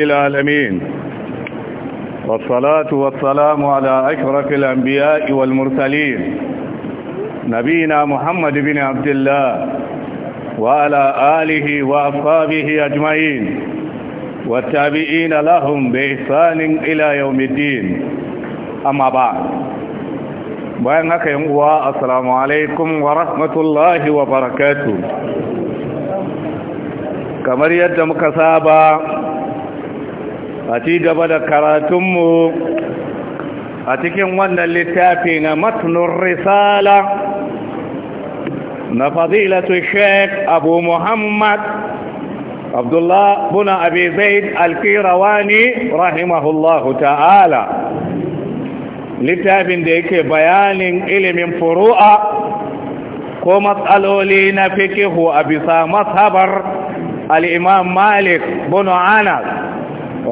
العالمين والصلاة والسلام على أشرف الأنبياء والمرسلين نبينا محمد بن عبد الله وعلى آله وأصحابه أجمعين والتابعين لهم بإحسان إلى يوم الدين أما بعد بأن أكرم السلام عليكم ورحمة الله وبركاته كما يدى مكسابا a ci gaba da karatunmu a cikin wannan littafi na matnun risala na fazilatu sheik abu muhammad abdullah buna abi zaid alkirawani rahimahullahu ta'ala littafin da yake bayanin ilimin furu'a ko matsaloli na fikihu a bisa mazhabar al'imam malik bunu anas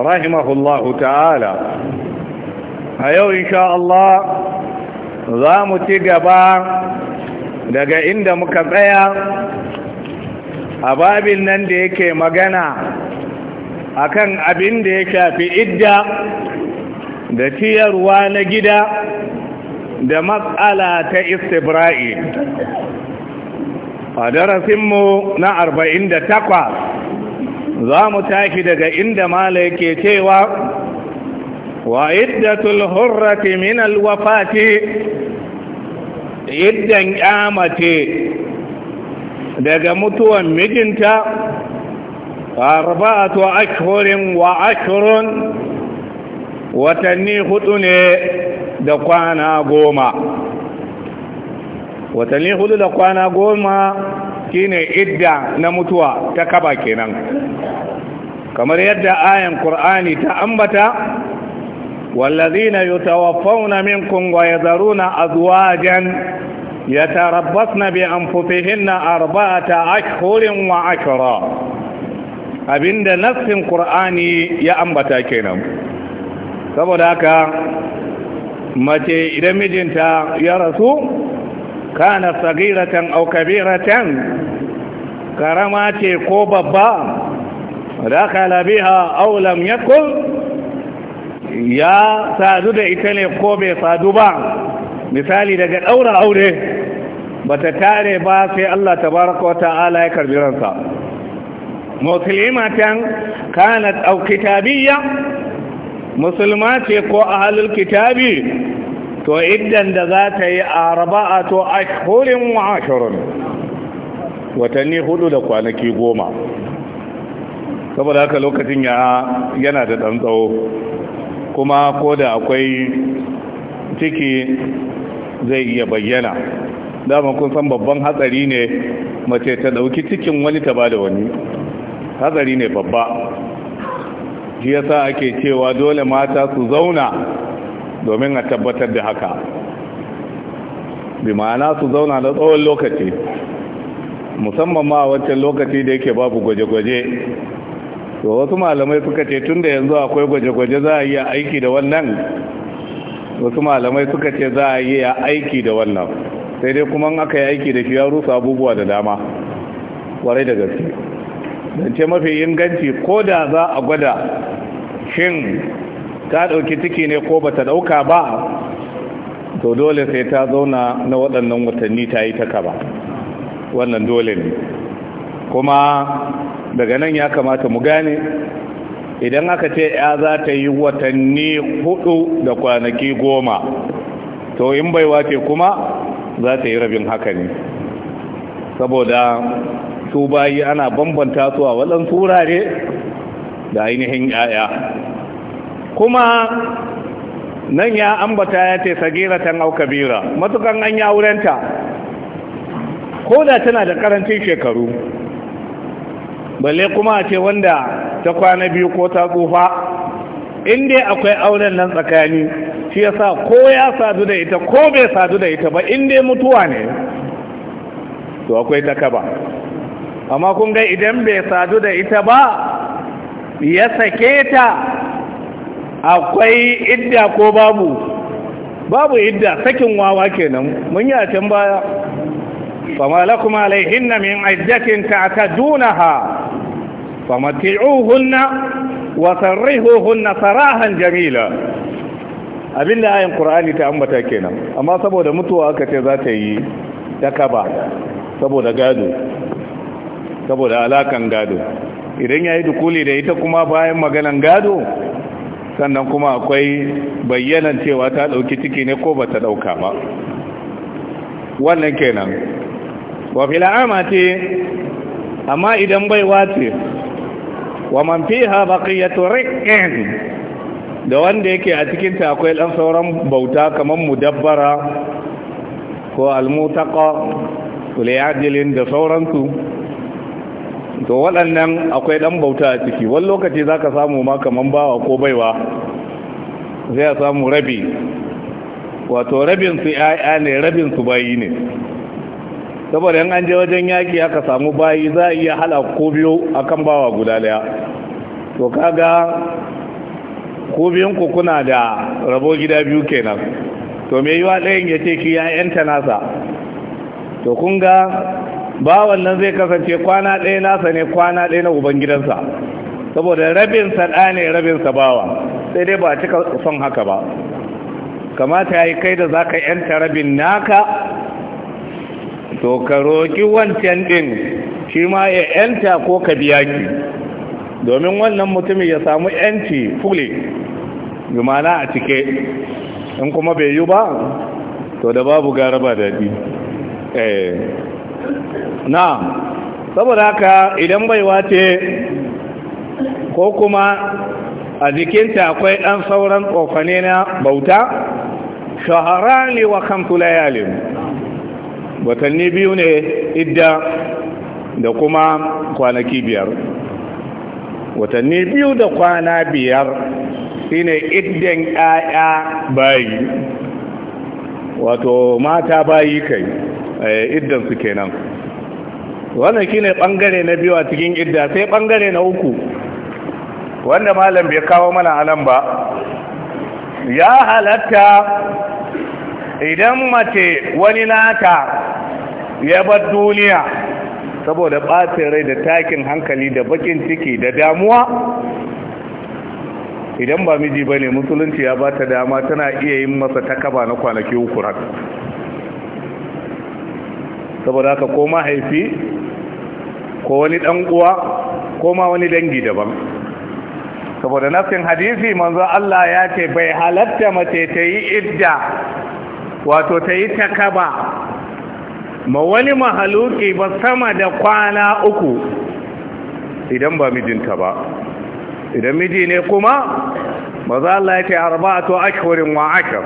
rahimahullahu ta'ala a yau insha Allah za mu ci gaba daga inda muka tsaya a babin nan da yake magana akan abin da ya shafi idda da ciyarwa na gida da matsala ta istibra'i a darasinmu na takwa. za mu tashi daga inda mala yake cewa wa iddatul hurrati min alwafati iddan kyamace daga mutuwan mijinta arba'atu ashhurin wa ashrun watanni hudu ne da kwana goma watanni hudu da kwana goma shine idda na mutuwa ta kaba kenan kamar yadda ayan qur'ani ta ambata wallazina yatawaffawna minkum wa yadharuna azwajan yatarabbasna bi anfusihinna arba'ata ashhurin wa ashra abinda nassin qur'ani ya ambata kenan saboda haka mace idan mijinta ya rasu kana sagiratan au kabiratan karama ce ko babba dakala biha aw lam yakun ya sadu da ita ne ko bai sadu ba misali daga daura aure bata tare ba sai Allah ta wa ta'ala ya karbi ransa kitabiyya musulma ce ko halin kitabi to idan da za ta yi a a to shirin wa shirin. watanni hudu da kwanaki goma saboda haka lokacin ya yana da ɗan tsawo kuma ko da akwai ciki zai iya bayyana dama kun san babban hatsari ne mace ta ɗauki cikin wani ta ba da wani hatsari ne babba shi yasa ake cewa dole mata su zauna domin a tabbatar da haka bi ma'ana su zauna na tsawon lokaci musamman ma wancan lokaci da yake babu gwaje-gwaje to wasu malamai suka ce tun da yanzu akwai gwaje-gwaje za a yi aiki da wannan wasu malamai suka ce za a yi aiki da wannan sai dai kuma aka yi aiki da shi ya rusa abubuwa da dama kwarai da gaske don ce mafi inganci ko da za a gwada shin ta ɗauki ciki ne ko bata ɗauka ba to dole sai ta zauna na waɗannan watanni ta yi ta ba wannan dole ne kuma daga nan ya kamata mu gane idan aka ce ya za ta yi watanni hudu da kwanaki goma to in baiwa wace kuma za ta yi rabin haka ne saboda su bayi ana bambanta su a waɗansu wurare da ainihin 'ya'ya kuma nan ya ambata ya ce sagiratan au kabira matukan an ya aurenta ko da tana da karancin shekaru balle kuma ce wanda ta kwana biyu ko ta tsufa in akwai auren nan tsakani shi yasa ko ya sadu da ita ko bai sadu da ita ba in mutuwa ne to akwai takaba amma kun ga idan bai sadu da ita ba ya sake ta akwai idda ko babu babu idda sakin wawa kenan mun yi a can baya fama lakum na min iddatin ta'tadunaha famati'uhunna wa sarrihuhunna sarahan jamila abinda ayin qur'ani ta ambata kenan amma saboda mutuwa aka ce za ta yi ta kaba saboda gado saboda alakan gado idan ya yi dukuli da ita kuma bayan maganan gado sannan kuma akwai bayyanan cewa ta ɗauki ciki ne ko ba ta ɗauka ba wannan kenan wa fil'ama ce amma idan baiwa ce wa man fiha baqiyatu riqin da wanda yake a cikin ta akwai ɗan sauran bauta kamar mudabbara ko almutaqa kulayadilin da sauransu to waɗannan akwai ɗan bauta a ciki wani lokaci za ka samu ma kaman bawa ko baiwa zai a samu rabi wato rabin ya'ya ne rabin bayi ne saboda yan an je wajen yaƙi aka samu bayi za a iya hala ko biyu kan bawa guda ɗaya to kaga ko biyanku kuna da rabo gida biyu kenan to me yiwa ɗayan ya ce shi yayanta nasa to kun ga bawan nan zai kasance kwana ɗaya nasa ne kwana ɗaya na ubangidansa saboda rabinsa ɗa ne rabinsa bawa sai dai ba a cika son haka ba kamata ya yi kai da za ka yanta rabin naka to ka roƙi wancan ɗin shi ma ya yanta ko ka biya ki domin wannan mutumin ya samu yanci fule jumana a cike in kuma bai yi ba to da babu gara ba daɗi eh na saboda haka idan bai ce ko kuma a jikinta akwai ɗan sauran tsofane na bauta shahararri wa kamtu layalin watanni biyu ne idda da kuma kwanaki biyar watanni biyu da kwana biyar shine iddan 'ya'ya bayi wato mata bayi kai Eh, iddansu kenan wannan shine bangare na biyu a cikin idda sai bangare na uku wanda malam bai kawo mana anan ba ya halatta idan mace wani nata ya bar duniya saboda ɓacin rai da takin hankali da bakin ciki da damuwa idan ba miji bane musulunci ya ba ta dama tana iya yin masa takaba na kwanaki uku saboda haka ko mahaifi ko wani dan uwa ko ma wani dangi daban saboda nasin hadisi manzo Allah ya ce bai halatta mace ta yi idda wato ta yi takaba ma wani mahaluki ba sama da kwana uku idan ba mijinta ba idan miji ne kuma manzo Allah ya ce arba'atu ashhurin wa ashar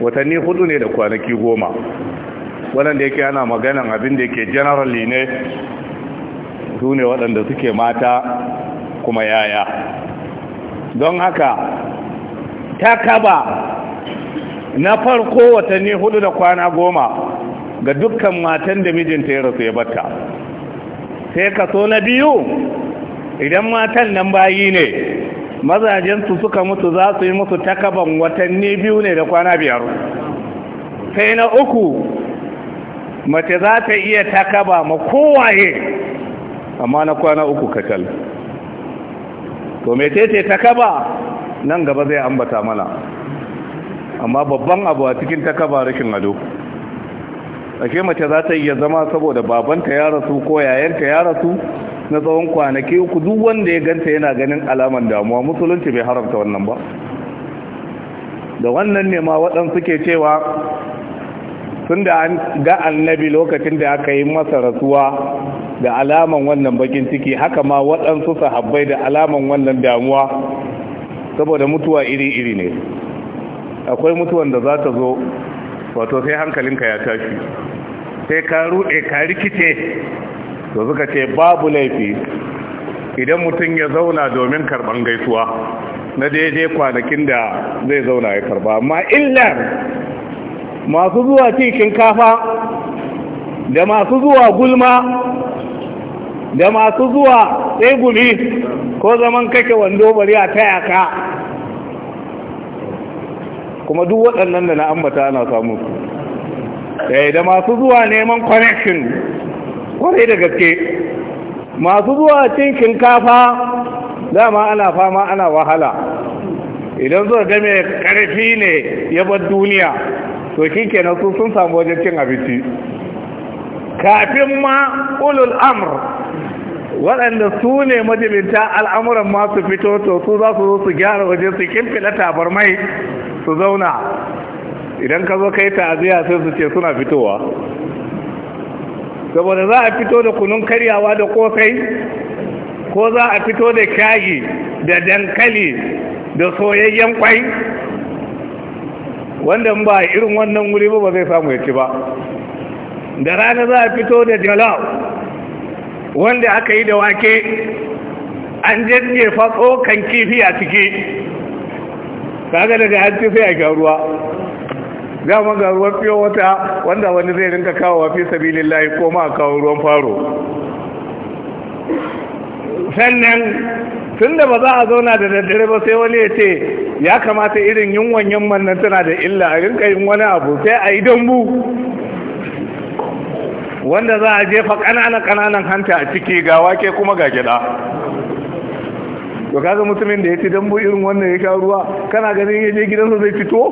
watanni hudu ne da kwanaki goma wadanda yake ana maganan abin da yake generally ne su ne waɗanda suke mata kuma yaya don haka ta kaba na farko watanni hudu da kwana goma ga dukkan matan da mijinta ya rasu ya batta sai kaso na biyu idan matan nan bayi ne mazajensu suka mutu za su yi musu takaban watanni biyu ne da kwana biyar sai na uku mace za ta iya takaba ma kowaye amma na kwana uku kacal to metete takaba nan gaba zai ambata mana amma babban abu a cikin takaba rashin ado ake mace za ta iya zama saboda babanta ya rasu ko yayanta ya rasu na tsawon kwanaki uku duk wanda ya ganta yana ganin alaman damuwa musulunci bai haramta wannan ba da wannan ne ma waɗansu ke cewa Sun da an ga annabi lokacin da aka yi masa rasuwa da alaman wannan bakin ciki haka ma waɗansu sahabbai da alaman wannan damuwa saboda mutuwa iri-iri ne akwai mutuwan da za ta zo wato sai hankalinka ya tashi sai ka ruɗe ka rikice to suka ce babu laifi idan mutum ya zauna domin karɓar gaisuwa na daidai kwanakin da zai zauna ya karba amma illar masu zuwa cin shinkafa da masu zuwa gulma da masu zuwa tsegumi ko zaman kake wando bari a taya ka kuma duk waɗannan da na ambata ana samu su eh, da masu zuwa neman connection kwarai da gaske masu zuwa cin shinkafa dama ana fama ana wahala idan zuwa game karfi ne ya bar duniya to shi kenan su sun samu wajen cin abinci kafin ma ulul amr waɗanda su ne majalinta al'amuran masu fito to su za su zo su gyara waje su kimfila tabar mai su zauna idan ka zo kai ta'aziyya sai su ce suna fitowa saboda za a fito da kunun karyawa da kosai ko za a fito da kyagi da dankali da soyayyen kwai wanda ba irin wannan wuri ba ba zai samu ya ba da rana za a fito da jalaw wanda aka yi da wake an faso kan kifi a ciki kaga daga an ci sai a garuwa Za mu fiye wata wanda wani zai rinka kawo wafi fi sabilin layi ko ma kawo ruwan faro sannan tun da ba za a zauna da daddare ba sai wani ya ce ya kamata irin yin wanyan mannan tana da illa a rinka yin wani abu sai a yi dambu wanda za a jefa ƙananan ƙananan hanta a ciki ga wake kuma ga gida Ba kaga mutumin da ya ci dambu irin wannan ya sha ruwa kana ganin ya je gidansa zai fito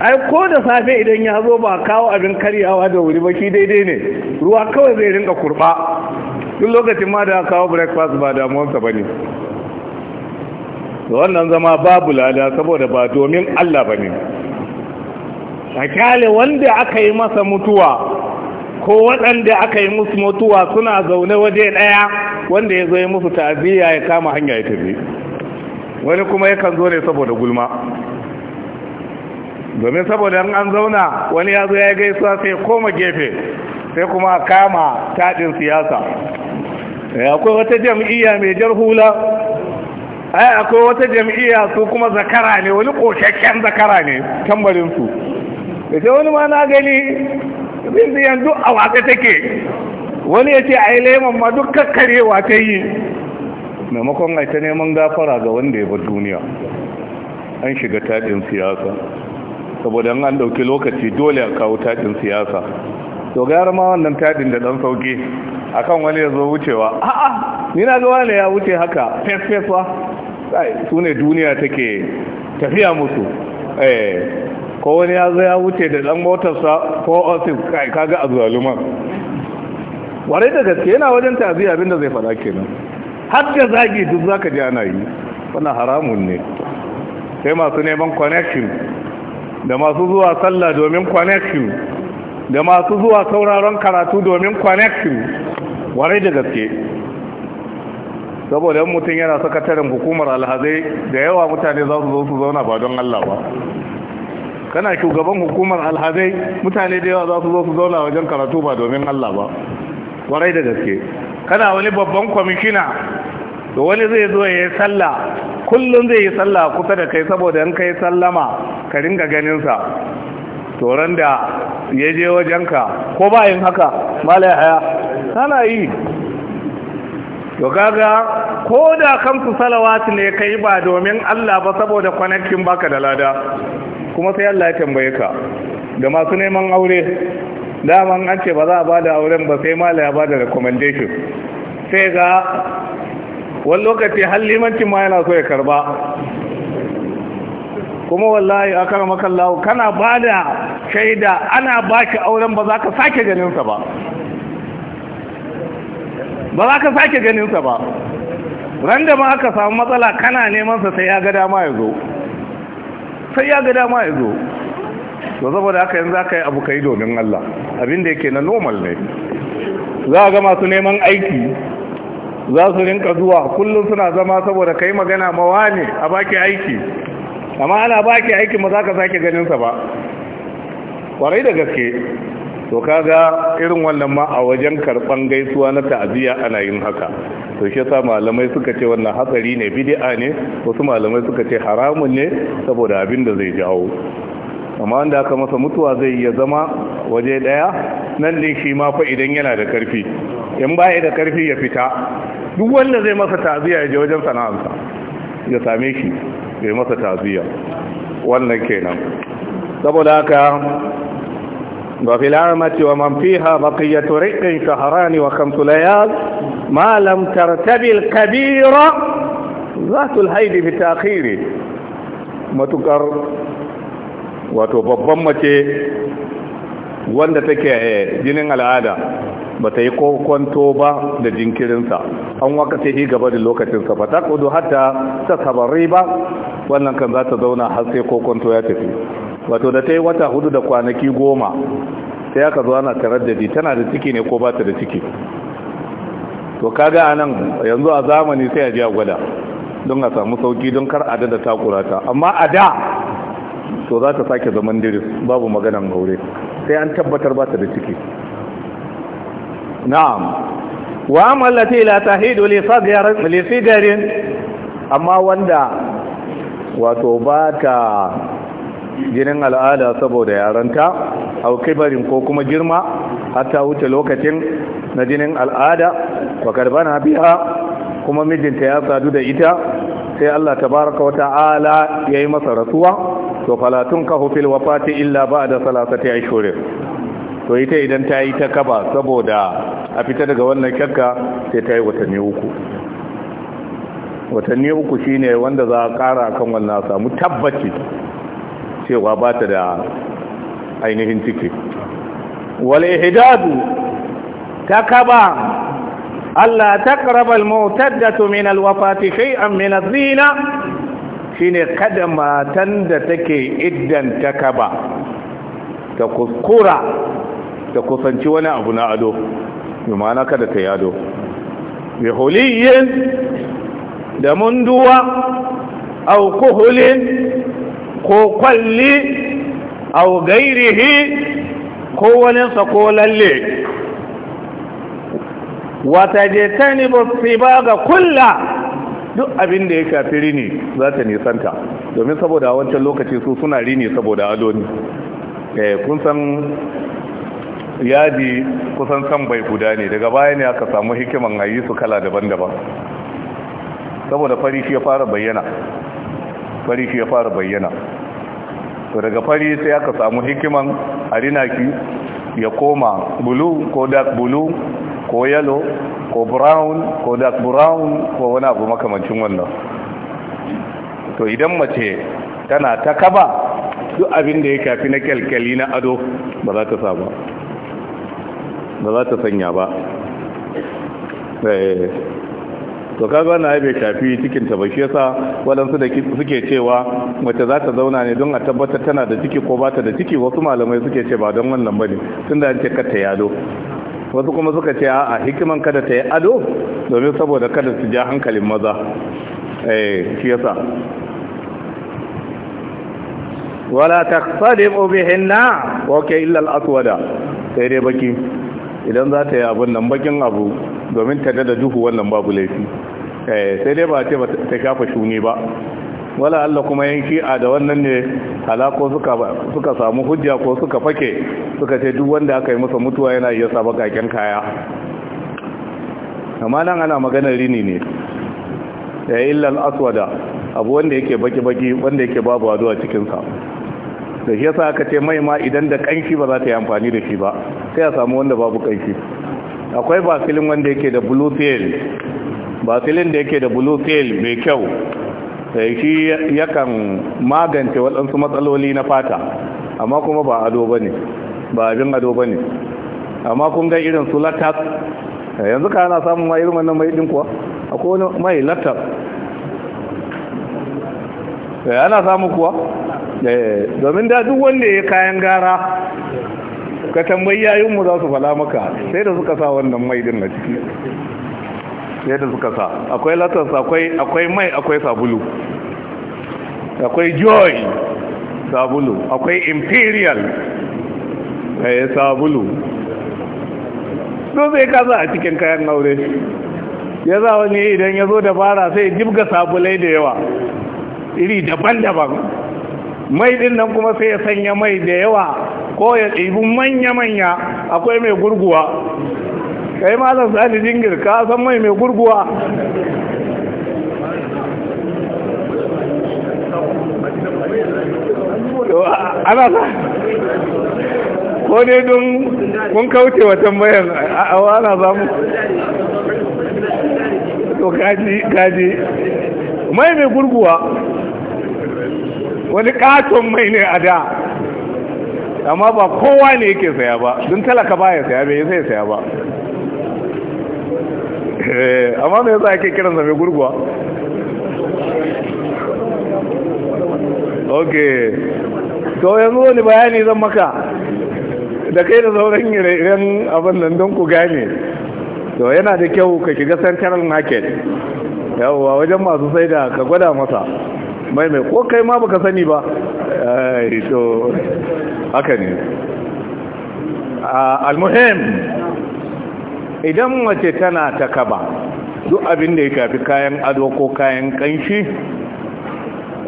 ai ko da safe idan ya zo ba kawo abin karyawa da wuri ba shi daidai ne ruwa kawai zai rinka kurba duk lokacin ma da kawo breakfast ba damuwarsa ba ne wannan zama babu lada saboda ba domin Allah ba ne a kyale wanda aka yi masa mutuwa ko waɗanda aka yi musu mutuwa suna zaune waje ɗaya wanda ya zo yi musu ta'aziyya ya kama hanya ya tafi wani kuma yakan zo ne saboda gulma domin saboda an zauna wani ya zo ya gaisuwa sai koma gefe sai kuma kama taɗin siyasa eh, akwai wata jam'iyya mai jar hula ai eh, akwai wata jam'iyya su kuma zakara ne wani ƙoshakken zakara ne tambarinsu da eh, ce wani ma na gani zindiyan duk a watsa take wani ya ce a yi laiman ma duk kakkarewa ta yi maimakon a ta neman gafara ga wanda ya bar duniya an shiga taɗin siyasa saboda an ɗauki lokaci dole a kawo taɗin siyasa to gara ma wannan tadin da dan sauke akan wani ya zo wucewa a'a ni na ga wani ya wuce haka fes fes wa su ne duniya take tafiya musu eh ko wani ya zo ya wuce da dan motarsa ko ofis kai kaga azaluma? ware da gaske yana wajen taziya abinda zai fada kenan har da zagi duk zaka ji ana yi wannan haramun ne sai masu neman connection da masu zuwa sallah domin connection da masu zuwa sauraron karatu domin connecting warai da gaske saboda yan mutum yana sakataren hukumar alhazai da yawa mutane za su zo su zauna ba don Allah ba kana shugaban hukumar alhazai mutane da yawa za su zo su zauna wajen karatu ba domin Allah ba warai da gaske kana wani babban kwamishina da wani zai zo ya yi sallah kullum zai yi sallah kusa da kai saboda in kai sallama ka ringa ganinsa toron da ya je wajenka ko bayan haka mala haya tana yi to kaga ko da kamsu salawatu ne kai ba domin Allah ba saboda kwanakin baka da lada kuma sai Allah ya tambaye ka da masu neman aure dama an ce ba za a ba da auren ba sai mala ya ba da recommendation sai ga wani lokaci hallimancin ma yana so ya karba kuma wallahi akaramaka Allah kana bada shaida ana baki auren ba za ka sake ganin sa ba ba za ka sake ganin sa ba ran ma aka samu matsala kana neman sa sai ya ga dama ya zo sai ya ga dama ya zo to saboda haka yanzu aka yi abu kai domin Allah abin da yake na normal ne za ga masu neman aiki za su rinka zuwa kullum suna zama saboda kai magana mawa ne a baki aiki amma ana ba ki aikin ma za ka sake ganinsa ba kwarai da gaske to kaga irin wannan ma a wajen karban gaisuwa na ta'aziyya ana yin haka to shi yasa malamai suka ce wannan hatsari ne bid'a ne wasu malamai suka ce haramun ne saboda abin da zai jawo amma wanda aka masa mutuwa zai iya zama waje daya nan din shi ma fa idan yana da karfi in ba da karfi ya fita duk wanda zai masa ta'aziyya ya je wajen sana'arsa ya same shi da masa taziya wannan kenan saboda haka wa fil armati wa man fiha baqiyatu riqin shahran wa khamsu layal ma lam tartabi al kabira zatu al hayd bi ta'khiri matukar wato babban mace wanda take jinin al'ada ba ta yi kwanto ba da jinkirinsa an waka sai gaba da lokacinsa ba ta kudu hatta ta sabari ba wannan kan za ta zauna har sai kwanto ya tafi wato da ta yi wata hudu da kwanaki goma sai aka zo ana taraddadi tana da ciki ne ko ba ta da ciki to kaga nan yanzu a zamani sai a ji a gwada don a samu sauki don kar a da takura ta amma a da to za ta sake zaman diris babu maganan aure sai an tabbatar ba ta da ciki na'am wa amma allati la tahidu li amma wanda wato ba ta jinin al'ada saboda yaran ta, au kibarin ko kuma girma hatta wuce lokacin na jinin al'ada wa karbana biha kuma mijinta ya sadu da ita sai Allah ta tabaraka wa ta'ala yayi masa rasuwa to falatun ka fil wafati illa ta yai ashhurin to ita idan ta yi ta kaba saboda a fita daga wannan kyakka sai ta yi watanni uku watanni uku ne wanda za a kara kan wannan samu tabbaci cewa ba ta da ainihin ciki wale hidadu ta kaba Allah ta karabal mautaddatu min alwafati shai min azina shine kada matan da take iddan ta kaba ta kuskura ta kusanci wani abu na ado bi kada ta yi ado bi huliyin da munduwa au kuhulin ko kwalli au gairihi ko wani ko lalle wata je ta ni ba ga kulla duk abin da ya shafi rini za ta nisanta domin saboda wancan lokaci su suna rini saboda ado ne eh, kun san yadi kusan san bai guda ne daga baya ne aka samu hikiman ayi su kala daban-daban saboda fari shi ya fara bayyana fari shi ya fara bayyana to daga fari sai aka samu hikiman arinaki ya koma blue ko dark blue ko yellow ko brown ko dark brown ko wani abu makamancin wannan to idan mace tana ta kaba duk abin da ya kafi na kyalkyali na ado ba za ta samu ba za ta sanya ba eh, to kaga wannan ai bai shafi cikin ta ba shi yasa waɗansu da suke cewa mace za ta zauna ne don a tabbatar tana da ciki ko ba ta da ciki wasu malamai suke ce ba don wannan bane tun da an ce kar yado wasu kuma suka ce a hikiman kada ta yi ado domin saboda kada su ja hankalin maza eh shi yasa wala taqsadu bihinna wa ka illa al-aswada sai dai baki idan za ta yi abin nan bakin abu domin ta da duhu wannan babu laifi eh, sai dai ba ce ta shafa shuni ba wala Allah kuma yanki a da wannan ne halako suka suka samu hujja ko suka fake suka ce duk wanda aka yi masa mutuwa yana iya sa bakaken kaya amma nan ana maganar rini ne ya eh, illa al-aswada abu wanda yake baki baki wanda yake babu ado a cikin sa da shi yasa aka ce mai ma idan da kanshi ba za ta yi amfani da shi ba sai a samu wanda babu kanshi akwai basilin wanda yake da blue seal basilin da yake da blue seal mai kyau sai shi yakan magance waɗansu matsaloli na fata amma kuma ba ado ba ne ba abin ado ba ne amma kun ga irin su latas eh, yanzu ka ana samun ma irin wannan mai ɗin kuwa akwai wani mai latas eh, ana samun kuwa Eh, domin da duk wanda ya kayan gara ka tambayi yayinmu za su fala maka sai da suka sa wannan mai din na ciki sai da suka sa akwai latas akwai mai akwai sabulu akwai joy sabulu akwai imperial eh sabulu don sai ka za a cikin kayan aure ya za wani idan ya zo da sai jibga sabulai da yawa iri daban-daban mai din nan kuma sai ya sanya mai da yawa ko ya ɗibi manya-manya akwai mai gurguwa kai malam sani jingir ka san mai mai gurguwa ana sa ko ne don kun kauce wa tambayar a wana zamu to gaji gaji mai mai gurguwa wani katon mai ne a da amma ba kowa ne yake saya ba don talaka ba ya saya bai sai saya ba eh, amma mai a ake kiransa mai gurguwa ok to yanzu wani bayani zan maka da kai da sauran ire-iren abin nan don ku gane to yana da kyau ka shiga central market yawwa wajen masu sai da ka gwada masa mai mai ko kai ma baka sani ba Ai to haka ne almuhim idan wace tana ta kaba duk abin da ya kafi kayan ado ko kayan kanshi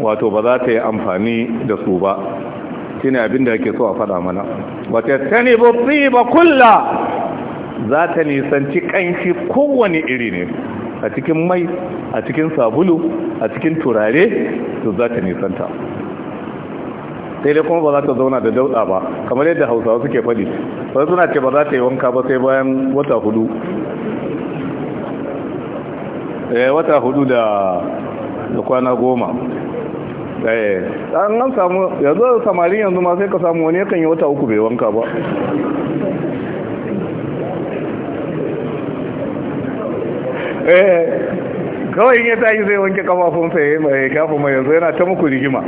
wato ba za ta yi amfani da su ba shi ne abin da ake so a faɗa mana Wace ta ne ba kulla za ta nisanci kanshi kowane iri ne a cikin mai a cikin sabulu a cikin turare to za ta nisanta sai dai kuma ba za ta zauna da dauda ba kamar yadda hausawa suke faɗi ba suna ce ba za ta yi wanka ba sai bayan wata hudu eh, wata hudu da kwana goma ɗaya eh, an samu yanzu samari yanzu ma sai ka samu wani yakan yi wata uku bai wanka ba Eh, kawai ya tashi zai wanke kafafunsa ya yi mai kafa mai yanzu yana ta muku rigima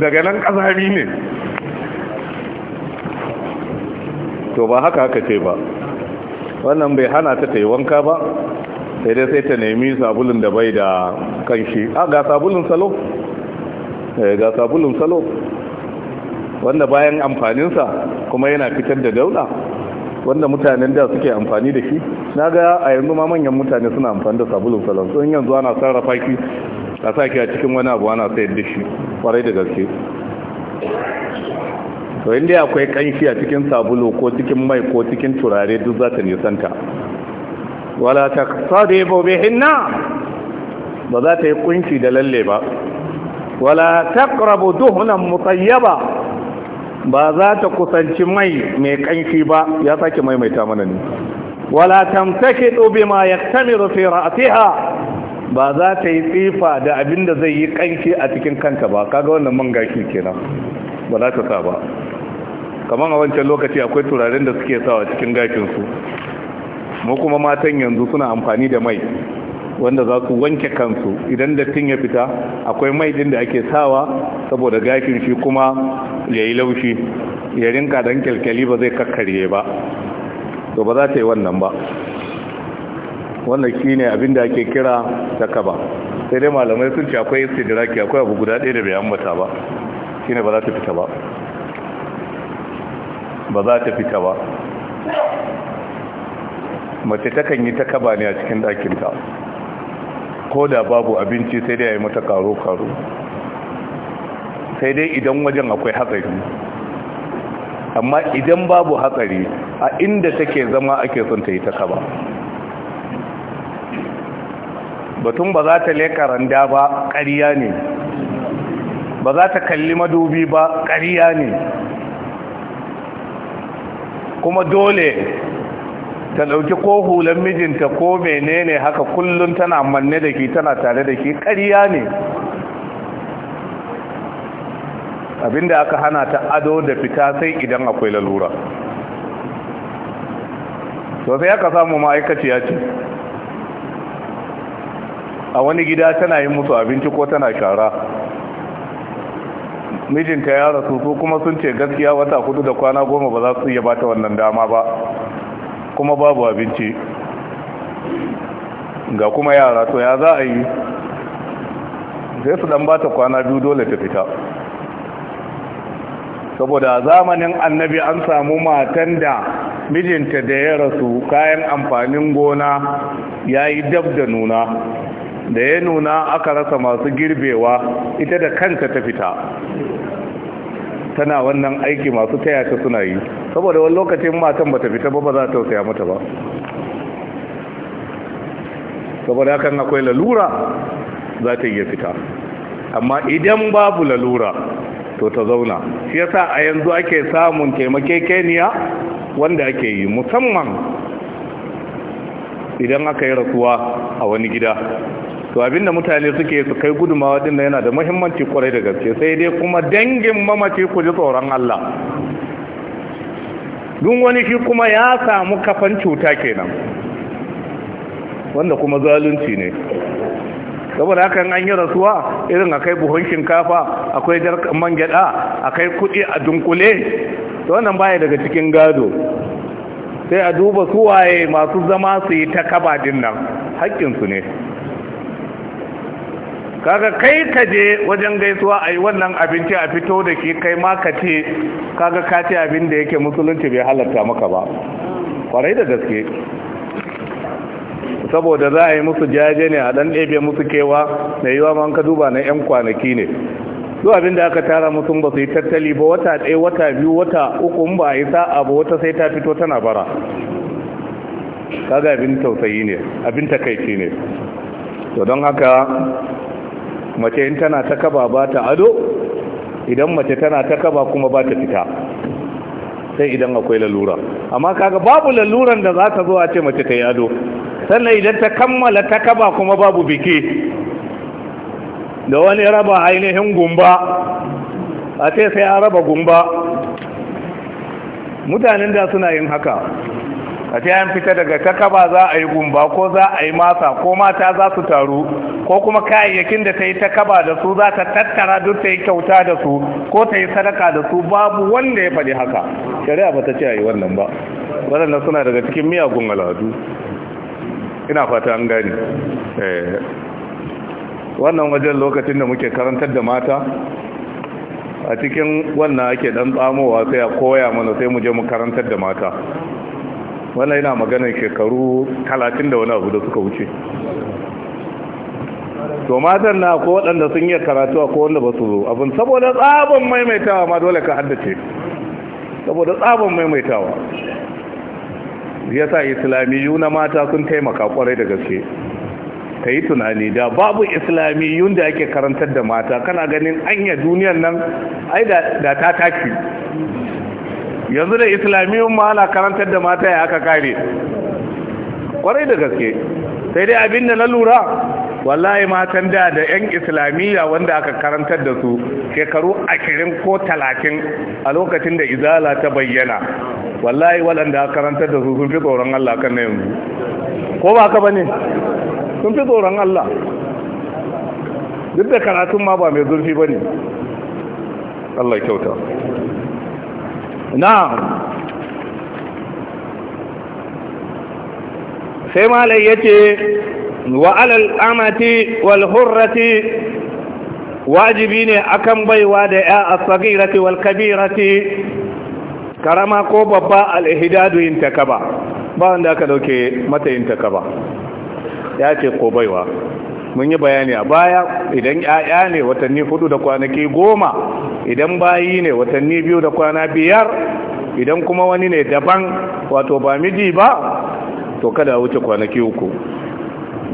daga nan kazami ne to ba haka haka ce ba wannan bai hana ta ta yi wanka ba sai dai sai ta nemi sabulun da bai da kanshi a ah, ga sabulun salo eh, ga sabulun salo wanda bayan amfaninsa kuma yana fitar da daula wanda mutanen da suke amfani da shi na ga a yanzu ma manyan mutane suna amfani da sabulun salon sun yanzu ana sarrafa ki a sa ki a cikin wani abu ana sayar da shi kwarai da gaske to inda akwai kanshi a cikin sabulu ko cikin mai ko cikin turare duk za ta nisanta wala ta sade bobe hinna ba za ta yi kunci da lalle ba wala taqrabu duhunan mutayyaba ba za ta kusanci mai mai kanki ba ya sake maimaita mana ne wala tamtakidu ma yaktamiru fi ra'siha ba za ta yi tsifa da abin da zai yi kanki a cikin kanta ba kaga wannan man gashi kenan ba za ta sa ba kamar a wancan lokaci akwai turaren da suke sawa cikin gashin su mu kuma matan yanzu suna amfani da mai wanda za su wanke kansu idan dattin ya fita akwai mai din da ake sawa saboda gashin shi kuma ya yi laushi ya rinka dan kyalkyali ba zai kakkarye ba to ba za ta yi wannan ba wannan shi ne abin da ake kira ta kaba. sai dai malamai sun ce akwai sidiraki akwai abu guda ɗaya da bai ambata ba shi ne ba za ta fita ba ba za ta fita ba mace takan yi ta kaba ne a cikin ɗakinta ko da babu abinci sai dai a yi mata karo-karo sai dai idan wajen akwai hatsari amma idan babu hatsari a inda take zama ake son ta yi ta kaba batun ba za ta lekaran randa ba ƙariya ne ba za ta kalli madubi ba ƙariya ne kuma dole ta ɗauki ko hulan mijinta ko menene haka kullum tana manne da ke tana tare da ke ƙarya ne abinda aka hana ta ado da fita sai idan akwai lalura sosai aka samu ma'aikaciya ce a wani gida tana yin musu abinci ko tana shara mijinta ya rasu su kuma sun ce gaskiya wata hudu da kwana goma ba za su iya bata wannan dama ba kuma babu abinci ga kuma yara to ya za a yi Zai su dan bata kwana biyu dole ta fita saboda zamanin annabi an samu matan da mijinta da ya rasu kayan amfanin gona ya yi dab da nuna da ya nuna aka rasa masu girbewa ita da kanta ta fita tana wannan aiki masu taya ta suna yi saboda wani lokacin matan bata fita ba ba za ta tausaya mata ba saboda hakan akwai lalura za ta iya fita amma idan babu lalura to ta zauna shi yasa a yanzu ake samun taimakekeniya wanda ake yi musamman idan aka yi rasuwa a wani gida to abinda mutane suke su kai gudumawa din yana da muhimmanci kwarai da gaske sai dai kuma dangin mamaci ku ji tsoron Allah duk wani shi kuma ya samu kafan cuta kenan wanda kuma zalunci ne saboda hakan an yi rasuwa irin akai buhun shinkafa akwai man gyada akai kuɗi a dunkule to wannan baya daga cikin gado sai a duba suwaye masu zama su yi ta kabadin nan haƙƙinsu ne kaga kai ka je wajen gaisuwa a yi wannan abinci a fito da ke kai ma ka ce kaga ka ce abin da yake musulunci bai halarta maka ba kwarai da gaske saboda za a yi musu jaje ne a ɗan ɗebe musu kewa mai yiwa ma ka duba na 'yan kwanaki ne zuwa abin da aka tara musu ba su yi tattali ba wata ɗaya wata biyu wata uku ba a yi sa'a ba wata sai ta fito tana bara kaga abin tausayi ne abin takaici ne to don haka mace in tana ta kaba ba ta ado idan mace tana ta kaba kuma ba ta fita sai idan akwai lalura amma kaga babu laluran da za ta zo a ce mace ta yi ado sannan idan ta kammala ta kaba kuma babu biki da wani raba ainihin gumba a ce sai a raba gumba mutanen da suna yin haka a ce an fita daga takaba za a yi gumba ko za a yi masa ko mata za su taru ko kuma kayayyakin da ta yi takaba da su za ta tattara duk ta yi kyauta da su ko ta yi sadaka da su babu wanda ya faɗi haka shari'a ba ta ce a yi wannan ba waɗannan suna daga cikin miyagun al'adu ina fata an gani eh. wannan wajen lokacin da muke karantar da mata a cikin wannan ake dan tsamowa sai a koya mana sai mu je mu karantar da mata wannan yana maganar shekaru talatin da wani abu da suka wuce to matan na ko waɗanda sun yi karatu a ko wanda ba su zo abin saboda tsabon maimaitawa ma dole ka haddace saboda tsabon maimaitawa ya sa islamiyu na mata sun taimaka kwarai da gaske ka yi tunani da babu islamiyun da ake karantar da mata kana ganin anya duniyan nan ai da ta taki yanzu da islamiyun ma ana karantar da mata ya aka kare kwarai da gaske sai dai abin da na lura wallahi matan da da 'yan islamiyya wanda aka karantar da su shekaru ashirin ko talatin a lokacin da izala ta bayyana wallahi waɗanda aka karantar da su sun fi tsoron Allah kan na yanzu ko ba ka bane sun fi tsoron Allah duk da karatun ma ba mai zurfi bane Allah kyauta na'am sai malai yace ce wa alal amati wal hurrati wajibi ne akan baiwa da ya a tsagirati wal kabirati karama ko babba al'ihidadu yin takaba ba wanda aka dauke mata yin takaba ya ce ko baiwa mun yi bayani a baya idan ya'ya ne watanni hudu da kwanaki goma idan bayi ne watanni biyu da kwana biyar idan kuma wani ne daban wato ba miji ba to kada wuce kwanaki uku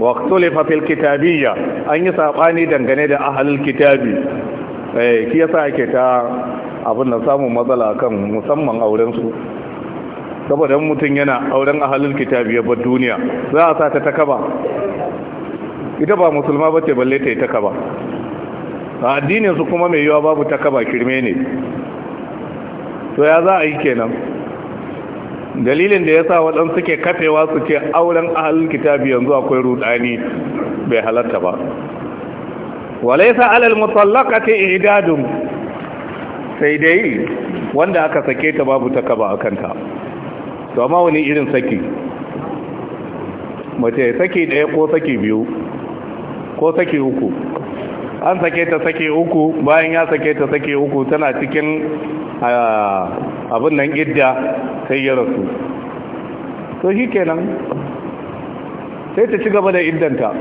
waqtulifa fil kitabiyya an yi saɓani dangane da ahlul kitabi eh shi yasa ake ta abin da samu matsala kan musamman auren su saboda mutum yana auren ahalul kitabi ba duniya za a sa ta kaba. ita ba musulma ba ce balle ta yi a addinin su kuma mai yiwa babu takaba kirme ne to ya za a yi kenan dalilin da ya sa waɗansu suke kafewa su ce auren ahalin kitabi yanzu akwai rudani bai halatta ba walaisa alal ta idadun sai dai wanda aka sake ta babu takaba akan ta to amma wani irin saki mace saki ɗaya ko saki biyu ko sake uku an sake ta sake uku bayan ya sake ta sake uku tana cikin abin nan idda sai ya rasu to shi kenan sai ta ci gaba da iddanta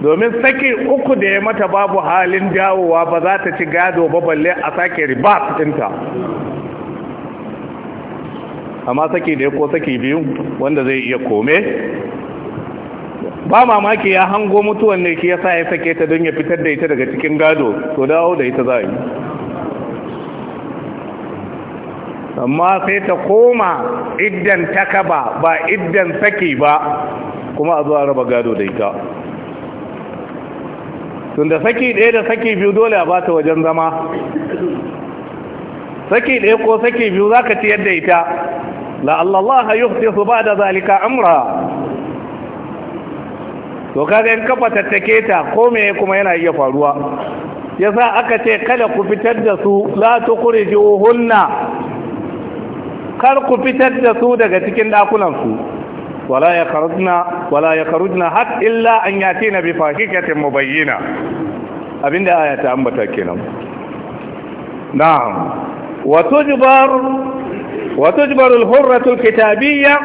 domin sake uku da ya mata babu halin dawowa ba za ta ci gado ba balle a sake ribas dinta. amma sake da ya ko sake biyu wanda zai iya kome ba mamaki ya hango mutuwan ne ki yasa ya sake ta don ya fitar da ita daga cikin gado to dawo da ita za yi amma sai ta koma iddan takaba ba iddan saki ba kuma a zuwa raba gado da ita tun da saki ɗaya da saki biyu dole a ba ta wajen zama saki ɗaya ko saki biyu za ka ciyar da ita la'allallaha yuftisu ba da zalika amra to kaga in kafa tattake ta ko me kuma yana iya faruwa yasa aka ce kada ku fitar da su la tukhrijuhunna kar ku fitar da su daga cikin dakunan su wala yakhrujna wala yakhrujna hat illa an yatina bi fahikatin mubayyina abinda aya ta ambata kenan na'am wa tujbar wa tujbar al-hurratu al-kitabiyya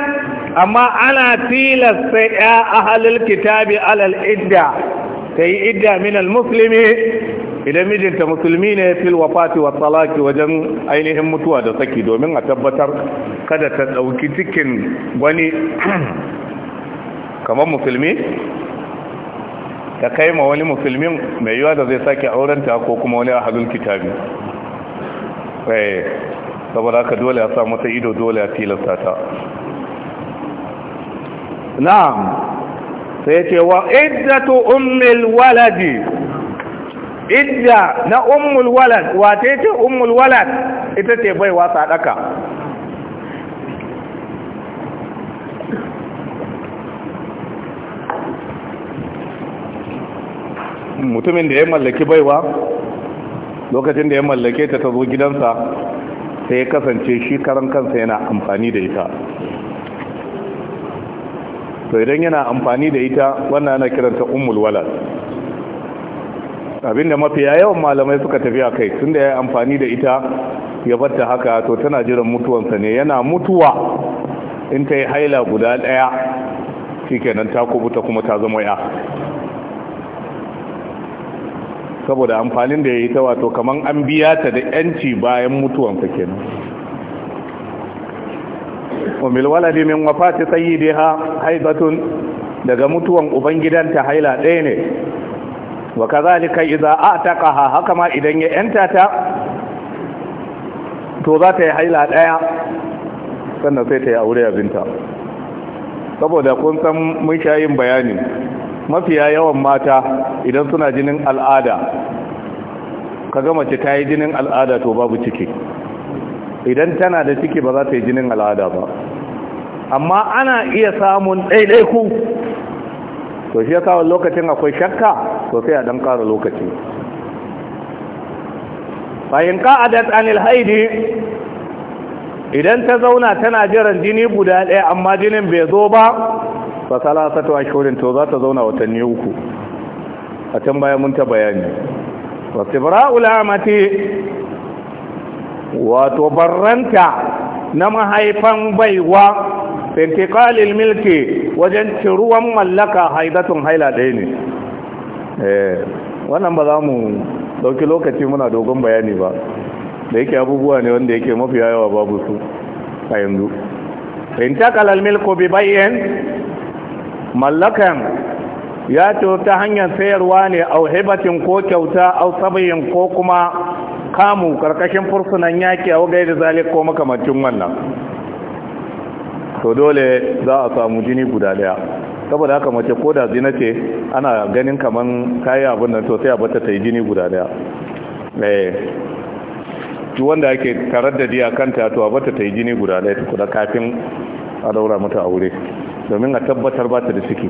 amma ana tilasta ya ahalil kitabi alal idda ta yi idda minal musulmi idan mijinta musulmi ne fil wafati wa talaki wajen ainihin mutuwa da saki domin a tabbatar kada ta dauki cikin wani kamar musulmi ta kai ma wani musulmin mai yiwa da zai sake aurenta ko kuma wani ahalil kitabi eh, saboda haka dole a sa mata ido dole a tilasta ta na'am sai ce wa iddatu ummul waladi idda na ummul walad wace ce ummul walad ita ce baiwa sadaka mutumin da ya mallaki baiwa lokacin da ya mallake ta ta zo gidansa sai ya kasance shi karan kansa yana amfani da ita to idan yana amfani da ita wannan ana kiranta ummul walad abinda mafiya yawan malamai suka tafi a kai tunda ya amfani da ita ya batta haka to tana jiran mutuwansa ne yana mutuwa in ta yi haila guda ɗaya shikenan ta kubuta kuma ta zama ya saboda amfanin da ya yi ta wato kamar an biya ta da yanci bayan mutuwansa kenan wa mil waladi min wafati sayyidiha haibatun daga mutuwan ubangidanta haila ɗaya ne wa kazalika idza ataqaha haka ma idan ya yanta ta to za ta yi haila ɗaya sannan sai ta yi aure abinta saboda kun san mun sha yin bayani mafiya yawan mata idan suna jinin al'ada ka gama ta yi jinin al'ada to babu ciki idan tana da ciki ba za ta yi jinin al'ada ba amma ana iya samun ɗaiɗaiku to shi ya kawo lokacin akwai shakka to sai a ɗan ƙara lokaci bayan ka'adat anil haidi idan ta zauna tana jiran jini guda ɗaya amma jinin bai zo ba ba salasatu ashirin to za ta zauna watanni uku a can bayan mun ta bayani wasu bira'ul mati wato barranta na mahaifan baiwa intiqalil milki wajen ciruwan mallaka haidatun haila ɗaya ne eh, wannan ba za mu ɗauki lokaci muna dogon bayani ba da yake abubuwa ne wanda yake mafi yawa babu su a yanzu intakalal milko bi bayan mallakan ya ce ta hanyar sayarwa ne a hibatin ko kyauta a sabayin ko kuma kamu karkashin fursunan yaki a wagai da zalik ko makamacin wannan to dole za a samu jini guda daya saboda haka mace ko da zina ce ana ganin kamar kayi abin nan to sai a bata ta yi jini guda daya eh wanda ake tarar da diya kanta to a bata ta yi jini guda daya kuda kafin a daura mata aure domin a tabbatar bata da ciki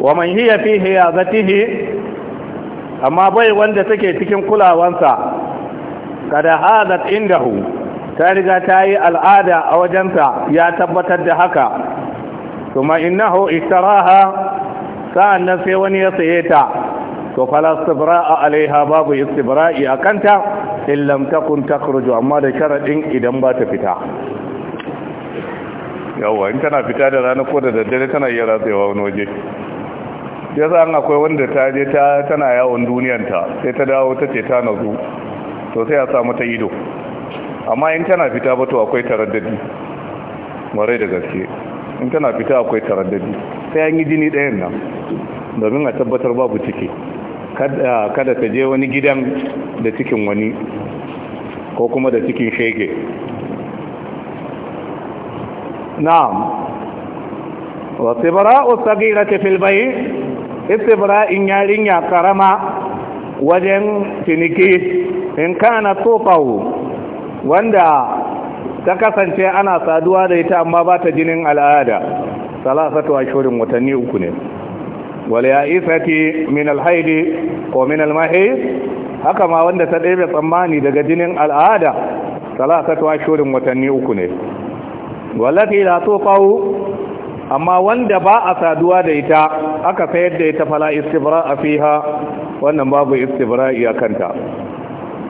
wa man hiya ya zatihi amma bai wanda take cikin kulawansa kada hadat indahu ta riga ta yi al'ada a wajenta ya tabbatar da haka kuma innahu istaraha sa'annan sai wani ya saye ta to fala a alaiha babu istibra'i a in lam takun takhruju amma da sharadin idan ba ta fita yawa in tana fita da rana ko da daddare tana iya ratsewa wani waje ya sa an akwai wanda ta je ta tana yawon duniyanta sai ta dawo ta ce ta nazu to sai a sa mata ido amma in tana fita ba to akwai taraddadi mare da gaske in tana fita akwai taraddadi sai an yi jini ɗayan nan domin a tabbatar babu ciki kada ta je wani gidan da cikin wani ko kuma da cikin shege na'am wasu bara'u tsagirata filbayi in yarinya karama wajen ciniki in kana tofahu wanda ta kasance ana saduwa da ita amma ba ta jinin al'ada salasatu shirin watanni uku ne ya ya'isati min alhaidi ko min al-mahi haka ma wanda ta ɗebe tsammani daga jinin al'ada salasatu shirin watanni uku ne Wallafi da tuqau amma wanda ba a saduwa da ita aka sayar da ita fala istibra'a fiha wannan babu istibra'i a kanta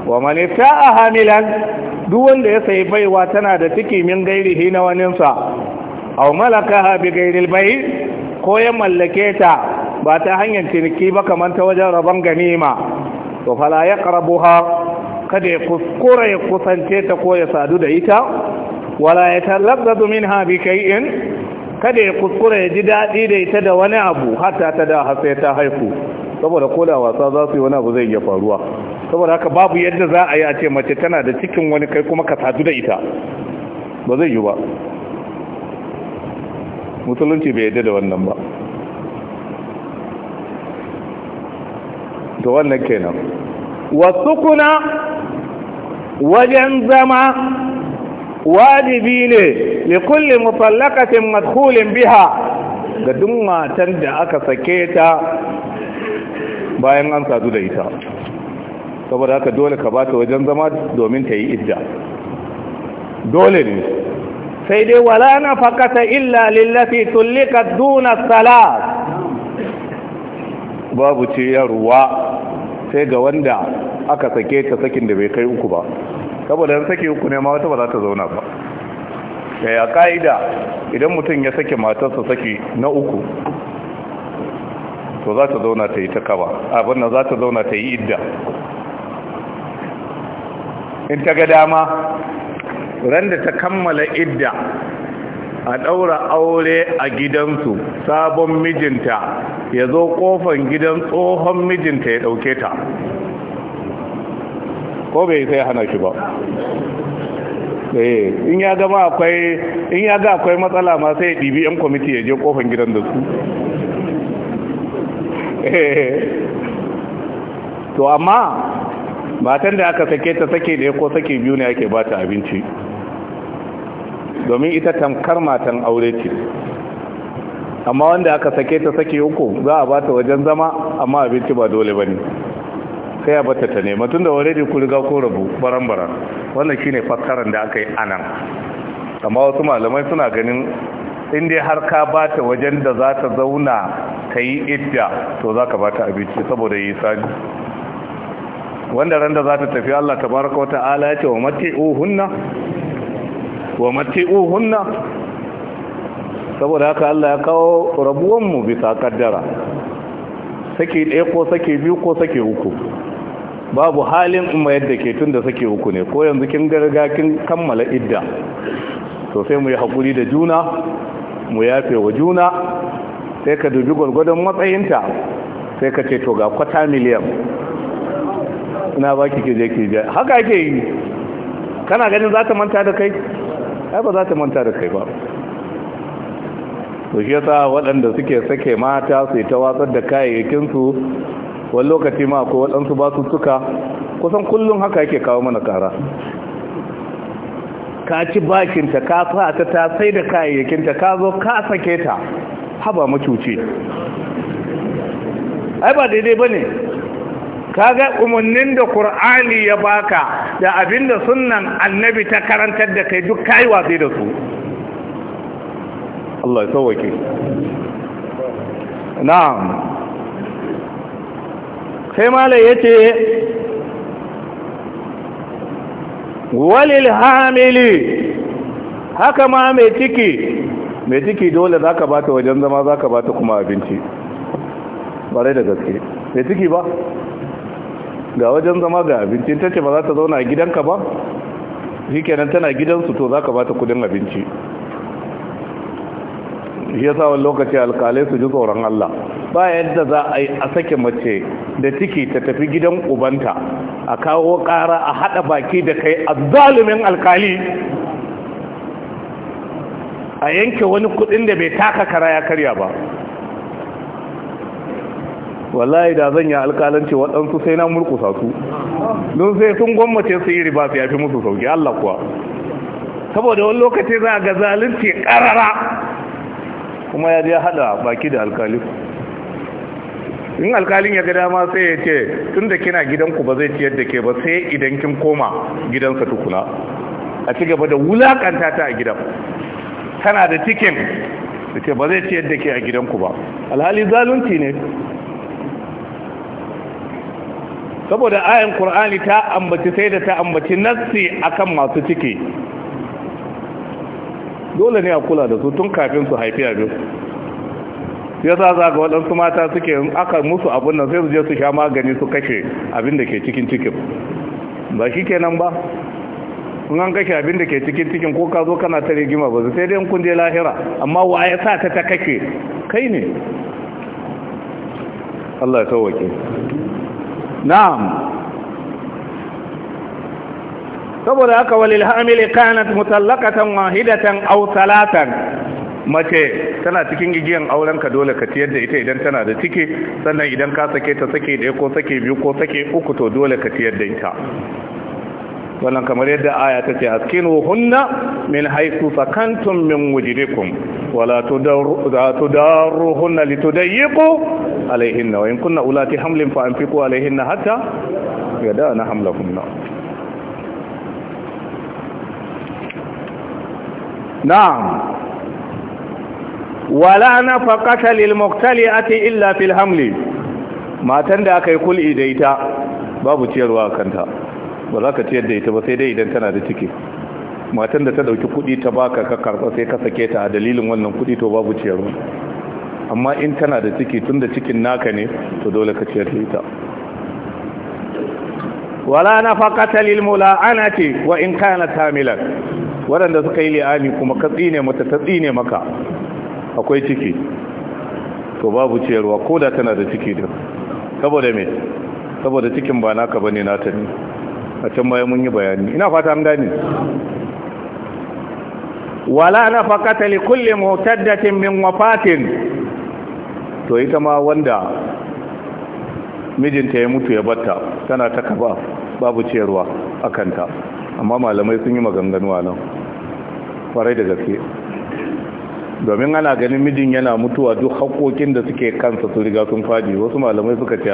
wa man ta'a hamilan duk wanda ya sayi baiwa tana da ciki min gairihi na waninsa aw malakaha bi ghairil bay ko ya mallake ta ba ta hanyar ciniki ba kamar ta wajen rabon ganima to fala yaqrabuha kada ya kuskura ya kusance ta ko ya sadu da ita wala ya min minha bi kai'in kada ya kuskura ya ji daɗi da ita da wani abu hatta ta da hasa ta haiku saboda ko da wasa za su yi wani abu zai iya faruwa saboda haka babu yadda za a yi a ce mace tana da cikin wani kai kuma ka sadu da ita ba zai yi ba musulunci bai yadda da wannan ba Da wannan kenan wasu kuna wajen zama wajibi ne li kulli mutallaqatin madkhulin biha ga duk matan da aka sake ta bayan an sadu da ita saboda haka dole ka bata wajen zama domin ta yi idda dole ne sai dai wala na nafaqata illa lillati tulika duna salat babu ciyarwa sai ga wanda aka sake ta sakin da bai kai uku ba saboda yan sake uku ne ma wata ba za ta zauna ba eh, a ka'ida idan mutum ya sake matarsa saki na uku to za ta zauna ta yi ta kaba abin nan za ta zauna ta yi idda in ta ga dama ran da ta kammala idda a ɗaura aure a gidansu sabon mijinta ya zo ƙofan gidan tsohon mijinta ya ɗauke ta ko bai sai hana shi ba eh, in ya gama akwai in ya ga akwai matsala ma sai ya ɗibi 'yan kwamiti ya je kofan gidan da su eh, to amma matan da aka sake ta sake da ko sake biyu ne ake bata abinci domin ita tamkar matan aure ce amma wanda aka sake ta sake uku za a bata wajen zama amma abinci ba dole ba ne sai a bata ta nema tunda da ku riga ko rabu baran-baran wannan shine fassarar da aka yi anan amma wasu malamai suna ganin in dai har ka bata wajen da za ta zauna ta yi idda to za ka ta abinci saboda yi sani wanda randa da za ta tafi Allah tabaraka wa ta'ala ya ce wa mati'uhunna wa mati'uhunna saboda haka Allah ya kawo rabuwanmu bisa kaddara sake ɗaya ko sake biyu ko sake uku babu halin in mayar da ke tun da sake uku ne ko yanzu kin garga kin kammala idda to sai mu yi haƙuri da juna mu yafe wa juna sai ka dubi gwargwadon matsayinta sai ka ce to ga kwata miliyan ina ba ki je ki je haka ake yi kana ganin za ta manta da kai ai ba za ta manta da kai ba to shi yasa waɗanda suke sake mata su ta watsar da kayayyakinsu wani lokaci ma akwai waɗansu basussuka kusan kullum haka yake kawo mana ƙara. ka ci bakinta ka sa ta sai da kayayyakinta ka zo ka sake ta haba macuci ai ba daidai ba ne Ka ga umarnin da Kur'ani ya baka da abinda sunan annabi ta karantar da kai duk kayi watsi da su Allah ya sauwake na'am sai malai ya ce walil hamili haka ma mai ciki mai ciki dole za ka bata wajen zama za ka bata kuma abinci Bare da gaske mai ciki ba ga wajen zama ga abinci ta ce ba za ta zauna a gidanka ba shi kenan tana gidansu to za ka bata kudin abinci shi yasa wani lokaci alkalai su ji tsoron Allah ba yadda za a yi a sake mace da ciki ta tafi gidan ubanta a kawo ƙara a haɗa baki da kai a zalumin alkali a yanke wani kudin da bai taka kara ya karya ba wallahi da zan yi alkalanci waɗansu sai na murkusa su don sai sun gwammace su yi riba su ya fi musu sauki Allah kuwa saboda wani lokaci za a ga zalunci ƙarara kuma ya je hada baki da alkali in alkalin ya ga dama sai ya ce tun da kina gidanku ba zai ciyar da ke ba sai idan kin koma gidansa tukuna a ci gaba da wulakanta ta a gidan tana da cikin da ce ba zai ciyar da ke a gidanku ba alhali zalunci ne saboda ayan Kur'ani ta ambaci sai da ta ambaci nassi akan masu ciki dole ne a kula da su tun kafin su haifi abin ya sa za ga waɗansu mata suke aka musu abin nan sai su je su sha magani su kashe abin da ke cikin cikin ba shi kenan ba in an kashe abin da ke cikin cikin ko ka zo kana ta rigima ba sai dai kun je lahira amma wa ya sa ta ta kashe kai ne Allah ya sauwake na'am saboda haka walil hamili kanat mutallaqatan wahidatan aw talatan mace tana cikin gigiyan auren ka dole ka ciyar da ita idan tana da ciki sannan idan ka sake ta sake ɗaya ko sake biyu ko sake uku to dole ka ciyar da ita wannan kamar yadda aya ta ce askinu hunna min haisu sakantum min wujidikum wala tudarru hunna litudayyiqu alaihinna wa in kunna ulati hamlin fa anfiqu alaihinna hatta yadana hamlakunna na'am wala nafaqata lil muqtali'ati illa fil hamli matan da aka yi kul'i da ita babu ciyarwa kanta ba za ka ciyar da ita ba sai dai idan tana da ciki matan da ta dauki kudi ta baka ka karba sai ka sake ta a dalilin wannan kudi to babu ciyarwa amma in tana da ciki tunda cikin naka ne to dole ka ciyar da ita wala na nafaqata ana ce wa in kana tamilan wadanda suka yi li'ani kuma ka tsine mata ta tsine maka akwai ciki to babu ciyarwa ko da tana da ciki din saboda me saboda cikin ba naka ba ne na ta ne a can bayan mun yi bayani ina fata an gane wala na nafaqata li kulli mutaddatin min wafatin to ita ma wanda mijinta ya mutu ya batta tana ta kaba babu ciyarwa a kanta amma malamai sun yi maganganu a nan farai da gaske domin ana ganin mijin yana mutuwa duk haƙoƙin da suke kansa su riga sun faɗi wasu malamai suka ce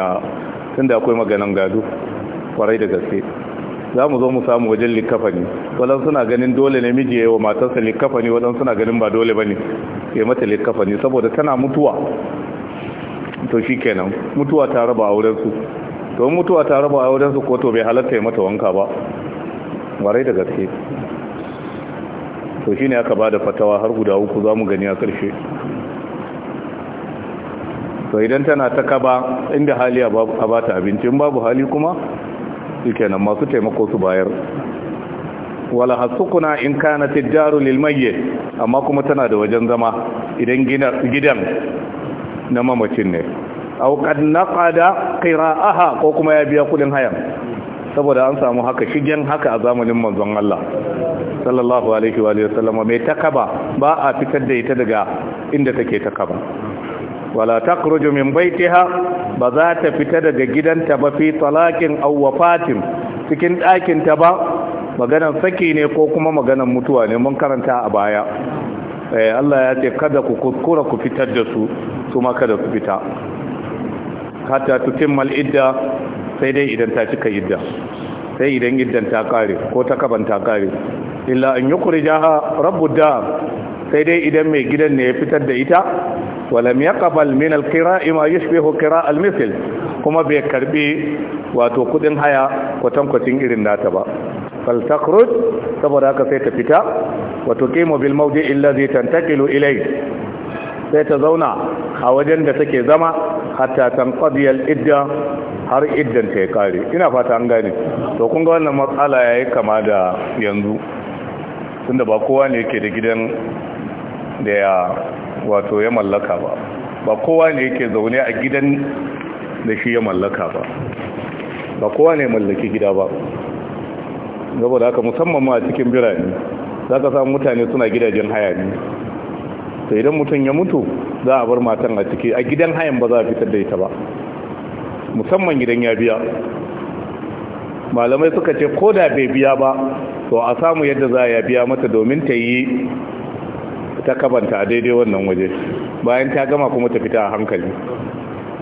tun da akwai maganan gado farai da gaske za mu zo mu samu wajen likafani waɗansu suna ganin dole ne miji ya yi wa matarsa likafani waɗansu suna ganin ba dole ba ne ya mata likafani saboda tana mutuwa to shi kenan mutuwa ta raba a wurinsu. to mutuwa ta raba a wajen su ko to bai halatta ya mata wanka ba warai da gaske to shine aka bada fatawa har guda uku zamu gani a ƙarshe to idan tana ta kaba inda hali a ba ta abinci in babu hali kuma shikenan masu taimako su bayar wala hasukuna in kana tijaru lil mayyit amma kuma tana da wajen zama idan gidan na mamacin ne aw kad naqada qira'aha ko kuma ya biya kudin hayan saboda an samu haka shigen haka a zamanin manzon Allah sallallahu alaihi wa sallam mai takaba ba a fitar da ita daga inda take takaba wala takhruju min baitiha ba za ta fita daga gidanta ba fi talakin aw wafatin cikin ɗakin ta ba maganan saki ne ko kuma maganan mutuwa ne mun karanta a baya eh Allah ya ce kada ku kuskura ku fitar da su su kada ku fita hatta tutimmal idda sai dai idan ta cika idda sai idan iddan ta kare ko ta kaban ta kare illa an yukhrijaha rabbud da, sai dai idan mai gidan ne ya fitar da ita walam yaqbal min al-qira'i ma yushbihu qira'a al-mithl kuma bai karbi wato kudin haya kwatankwacin irin nata ba faltakrut saboda haka sai ta fita wato kemo bil maudi illazi tantakilu ilai sai ta zauna a wajen da take zama hatta tanqadiyal idda har iddan ta ya kare ina fata an gane to kun ga wannan matsala yayi kama da yanzu tunda ba kowa ne yake da gidan da ya wato ya mallaka ba ba kowa ne yake zaune a gidan da shi ya mallaka ba ba kowa ne mallaki gida ba saboda haka musamman ma a cikin birane za ka samu mutane suna gidajen haya ne to idan mutum ya mutu za a bar matan a ciki a gidan hayan ba za a fitar da ita ba musamman gidan ya biya malamai suka ce ko da bai biya ba to a samu yadda za a biya mata domin ta yi ta kabanta a daidai wannan waje bayan ta gama kuma ta fita a hankali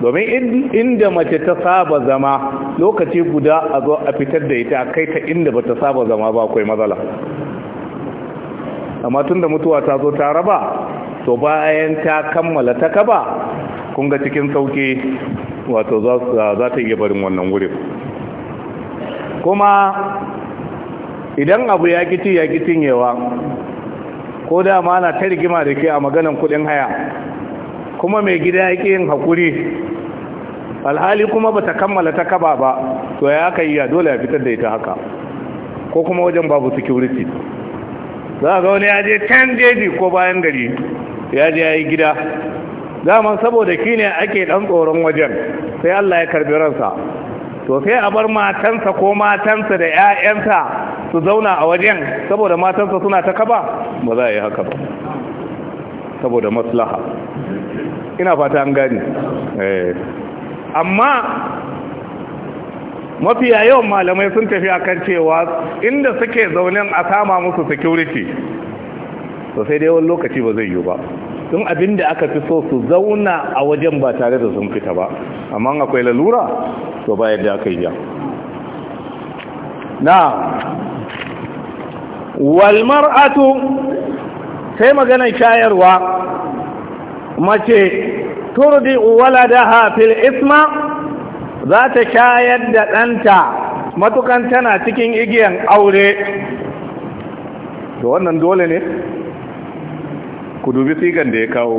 domin inda mace ta saba zama lokaci guda a zo a fitar da ita kai ta inda ba ta saba zama ba akwai matsala amma tun da mutuwa ta zo ta raba to bayan ta kammala ta kaba kun ga cikin sauki wato za ta iya barin wannan wurin kuma idan abu ya kici ya kicin yawa ko dama na ta rigima da ke a maganan kudin haya kuma mai gida ya ƙi yin haƙuri, alhali kuma ba ta kammala ta kaba ba to ya aka yi dole ya fitar da ita haka ko kuma wajen babu security za ga wani ya je 10 jeji ko bayan gari ya je ya yi gida zaman saboda ki ne ake ɗan tsoron wajen sai Allah ya karbi ransa to sai a bar matansa ko matansa da 'ya'yansa su zauna a wajen saboda matansa suna ta kaba ba za a yi haka ba saboda maslaha ina fata an gani eh. amma mafi yawan malamai sun tafi akan cewa inda suke zaunin, a sama musu security to sai dai wani lokaci ba zai yi ba Tun abin da aka fi so su zauna a wajen ba tare da sun fita ba amma akwai lalura to ba yadda aka yi na walmar'atu sai maganar shayarwa mace turdi waladaha fil isma za ta shayar da ɗanta matukan tana cikin igiyan aure to wannan dole ne ku dubi tsigan da ya kawo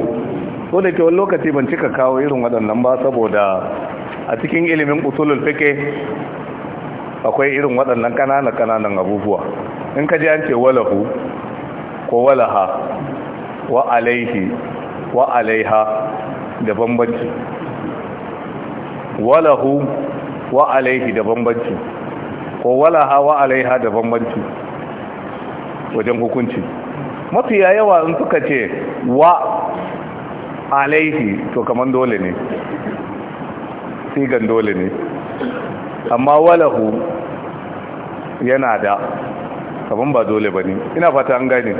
so da ke wani lokaci ban cika kawo irin waɗannan ba saboda a cikin ilimin usulul fike akwai irin waɗannan ƙananan ƙananan abubuwa in ka ji an ce walahu ko walaha wa alaihi wa alaiha da bambanci walahu wa alaihi da bambanci ko walaha wa alaiha da bambanci wajen hukunci mafiya yawa in suka ce wa alaihi to kaman dole ne sigan dole ne amma walahu yana da kaman ba dole ba ne ina fata an gane